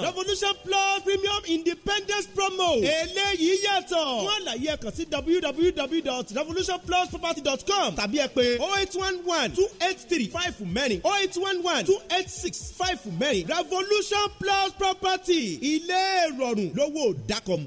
ìbàdàn. revolution plus premium independence promo. eléyìí yàtọ̀. fún àlàyé ẹ kàn sí www.revolutionplusproperty.com tàbí ẹ pè oh eight one one two eight three five fún mẹ́rin oh eight one one two eight six five fún mẹ́rin revolution plus property ilé ìrọ̀rùn lówó dákọ̀mù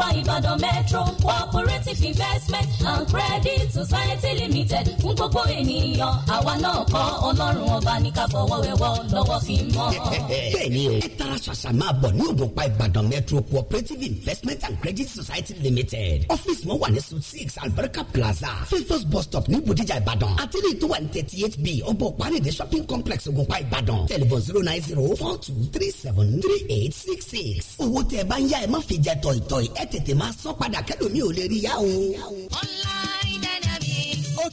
pupa ìbàdàn metro cooperative investment and credit society limited fún gbogbo ènìyàn àwa náà kọ́ ọlọ́run ọba ní ká fọwọ́ wẹwọ́ lọ́wọ́ fi mọ́. bẹ́ẹ̀ni o ẹ tara ṣàṣà máa bọ̀ ní ògùnpa ìbàdàn metro cooperative investment and credit society limited ọ́fíìsì wọn wà ní suite six alberca plaza Fifth bus stop ní bòdìjà ìbàdàn àti ní ìtọ́wà ní thirty eight b ọgbọ̀n paríde shopping complex ògùnpa ìbàdàn telephone zero nine zero four two three seven three eight six six owó tẹ́ ẹ bá ń yá ẹ má fi jẹ tọ̀ìtọ̀ì ẹ tètè máa sọ padà kẹ́lòmí ò lè rí yá o. ọ̀la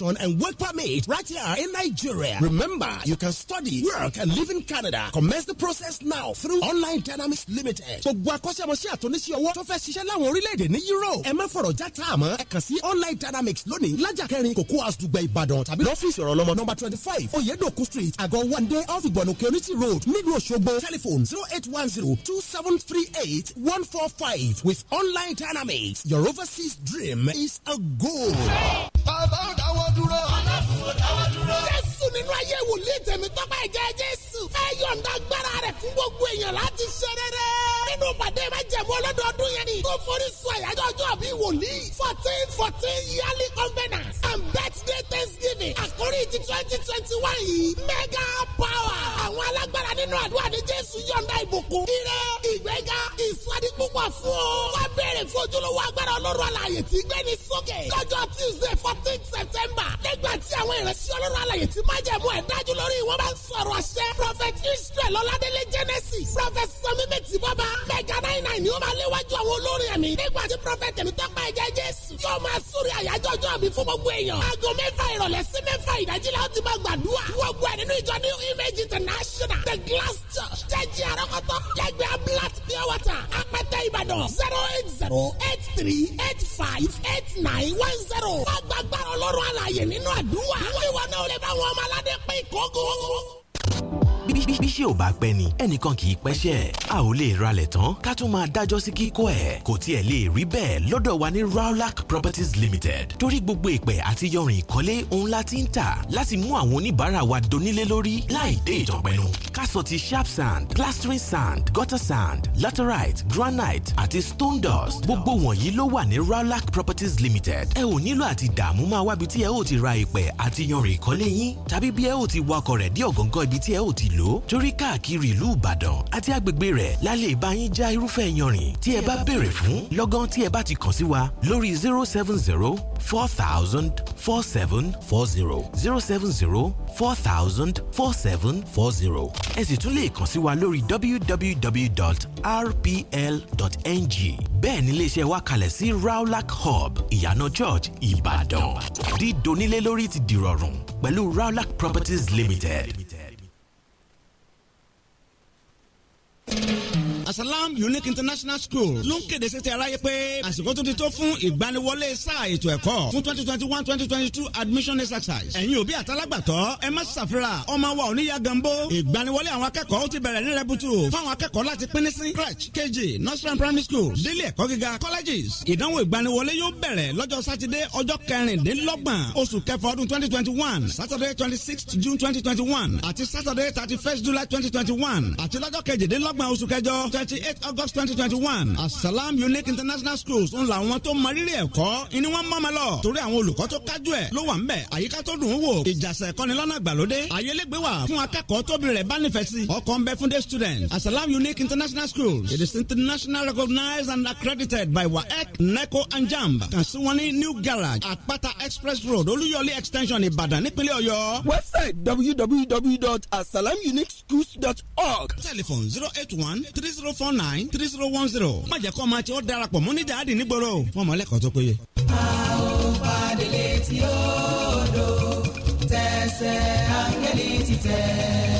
registration and work permit right here in Nigeria. Remember, you can study, work, and live in Canada. Commence the process now through Online Dynamics Limited. Gbogbo akọ́ṣẹ́mọṣẹ́ àtúnṣe owó tó fẹ́ ṣiṣẹ́ láwọn orílẹ̀-èdè ní Europe. Ẹ má fọ̀rọ̀ já tá a mọ́. Ẹ kàn sí Online Dynamics lónìí lájà kẹrin Cocoa House Dùgbẹ̀ Ìbàdàn tàbí lọ́fíìsì ọ̀rọ̀ lọ́mọ nọ́mbà twenty five Oyedoku street Àgọ́ Wande off Ìgbọ̀nùkẹ́ Unity road nílùú Òṣogbo telephone zero eight one zero two seven three eight one four five with Online Dynamics your overseas dream is a goal. Bàbá ọ̀dà wọ dáwọ́ dúró. ọlọ́run ò dáwọ́ dúró. jésù nínú ayé wòlíì tẹ̀mítọ́pẹ́ ìjẹ́ jésù. ẹ yọ̀ǹda agbára rẹ̀ fún gbogbo èèyàn láti ṣe rere nínú pàdé májẹ̀mú ọlọ́dọọdún yẹn ni. tó forí sọ àyájọ́ ọjọ́ bí wòlíì. fourteen fourteen yearly convenance and birthday thanksgiving. àkórí ti twenty twenty one yìí. mega power. àwọn alágbára nínú àdúrà ní jésù yọ̀ǹda ìbùkún. ire ìgbéga ìsọdí púpọ̀ fún o. wá béèrè fún ojúlówó agbára ọlọ́run alààyè tí gbéni sókè. lọ́jọ́ tuesday fourteen september. nígbà tí àwọn ìrẹsì ọlọ́run alààyè tí májẹ̀mú ẹ̀ dájú lórí wọn bá ń sọ̀rọ̀ ṣẹ́. prophet israel ọládélé genesis. prophet sọmi mẹ́tì bọ́ba. Sunday Gaba iná ni ó máa léwájú àwọn olórin ẹ̀mí. Nígbà tí Prọfẹ̀tì mi tọ́pẹ́ ẹ̀jẹ̀ Jésù yóò máa súré àyájọ́ ọjọ́ mi fún gbogbo èèyàn. Aago mẹ́fà ìrọ̀lẹ́ sí mẹ́fà ìdájí la ó ti máa gbàdúrà. Gbogbo ẹ̀ nínú ìjọ New Image International. The Glass Church. Jẹ́jì Àrọ́kọ́tọ́. Jẹ́gbẹ́ Ablat Pure Water. Apẹtẹ Ìbàdàn. zero eight zero eight three eight five eight nine one zero. Fọ́gbàgbà ọlọ́run àlàyé nínú àdúrà. Wọ́n ìwọ náà lè bá wọn ọmọ aládé pé ìkókó bí ṣé ò bá pẹ́ ni ẹnìkan kì í pẹ́ṣẹ̀ a ò lè ralẹ̀ tán ká tún máa dájọ́ sí kíkọ́ ẹ̀ kò tiẹ̀ lè rí bẹ́ẹ̀ lọ́dọ̀ wa ní Rawlac Properties Limited torí gbogbo ìpẹ́ àti yọrin ìkọ́lé òun la ti ń tà láti mú àwọn oníbàárà wa donílé lórí láì dé ìtọ̀pẹ́nu ká sọ ti sharp sand plastering sand gutter sand laterite granite àti stone dust gbogbo wọ̀nyí ló wà ní Rawlac Properties Limited ẹ ò nílò àti dààmú máa wábi tí ẹ ó ti ra ìpẹ́ àti yọrin ìkọ́lé yín tàbí bí ẹ ó ti wakọ̀ rẹ̀ dé ibi tí ẹ ò ti lò torí káàkiri ìlú Ìbàdàn àti agbègbè rẹ̀ la lè bá yín já irúfẹ́ yanrìn tí ẹ bá béèrè fún lọ́gán tí ẹ bá ti kàn sí wa lórí zero seven zero four thousand four seven four zero zero seven zero four thousand four seven four zero ẹ sì tún lè kàn sí wa lórí www.rpl.ng bẹ́ẹ̀ ni iléeṣẹ́ wa kalẹ̀ sí Rawlac Hub ìyànà Church Ìbàdàn dídonílé lórí ti dìrọ̀rùn pẹ̀lú Rawlac Properties Limited. Thank you. asalam unique international school ló ń kéde sí ti aráyé pé àsìkò tó ti tó fún ìgbaniwọlé sáà ètò ẹ̀kọ́ fún twenty twenty one twenty twenty two admission exercise ẹ̀yin òbí àtàlágbàtọ́ ẹ má ṣàfira ọmọ wa ò ní ya gambo ìgbaniwọlé àwọn akẹ́kọ̀ọ́ ti bẹ̀rẹ̀ ní rẹ́bùtù fáwọn akẹ́kọ̀ọ́ láti pín ní sí crèche kejì nursery primary school délé ẹ̀kọ́ gíga colleges ìdánwò ìgbaniwọlé yóò bẹ̀rẹ̀ lọ́jọ́ sátidé ọjọ́ kẹrìndínlọ́gbọ̀n oṣù kẹfọ́ ọdún twenty twenty one saturday twenty sixth june twenty twenty one àti saturday thirty first july twenty twenty one àti lọ́jọ́ kejìdínlọ́gbọ̀n oṣù kẹjọ twenty eight august twenty twenty one asalam unique international schools ń la wọn tó mọrírì ẹ̀kọ́ ni wọ́n mọ̀mọ́ lọ torí àwọn olùkọ́ tó kájú ẹ̀ ló wà ń bẹ̀ àyíká tó dùn ún wò ìjàsẹ̀ kọ́ni lọ́nà gbàlódé ayélégbé wà fún akẹ́kọ̀ọ́ tóbi rẹ̀ bá nífẹ̀ẹ́ sí ọkọ̀ bẹ fún day students asalam unique international schools it is internationally recognized and accredited by waec neco and jamb kàn sí wọn ní new garage àpáta express road olúyọlé extension ìbàdàn nípínlẹ̀ ọ̀yọ́. website www.asalamuniqueschools.org telephone zero eight one three zero zero four nine three zero one zero. má jẹ́ kọ́ ọmọ tí ó darapọ̀ mọ́ ní dáàdì nígboro fún ọmọlẹ́kọ̀ọ́ tó péye. a ó padà létí odò tẹ̀sẹ̀ áńgẹ́lì ti tẹ̀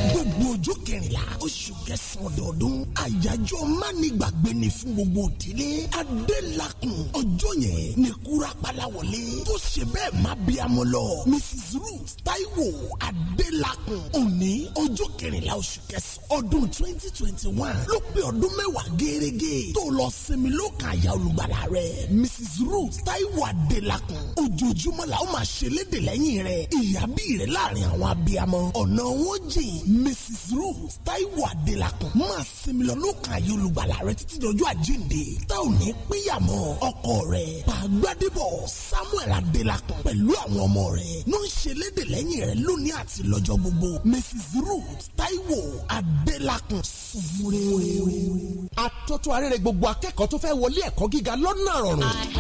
oṣù kẹsàn-án ọdọọdún àyájọ́ mánigbàgbé ni fún gbogbo òdílé adélakùn ọjọ́ yẹn ní kúra palawọlé tó ṣe bẹ́ẹ̀ má bí amọ̀ mrs ruth taiwo adélakùn òní ọjọ́ kẹrìnlá oṣù kẹsàn-án ọdún twenty twenty one ló pé ọdún mẹ́wàá gẹ́gẹ́ tó lọ sinmi lókàn àyà olùgbàlà rẹ̀ mrs ruth taiwo adélakùn ojoojúmọ́ la ó máa ṣe léde lẹ́yìn rẹ̀ ìyá bí rẹ̀ láàrin àwọn abiyamọ ọ̀nà wọn jìn mrs ruth taiwo taiwo adélakùn máa sinmi lọ lókàn ayé olùgbàlà rẹ títí dọjọ́ àjíǹde tá ò ní pínyàmọ́ ọkọ rẹ pàgbádébọ̀ samuel adélakùn pẹ̀lú àwọn ọmọ rẹ ló ń ṣe léde lẹ́yìn rẹ lónìí àti lọ́jọ́ gbogbo mrs ruth taiwo adélakùn àtọ́tún arére gbogbo akẹ́kọ̀ọ́ tó fẹ́ wọlé ẹ̀kọ́ gíga lọ́nà rọrùn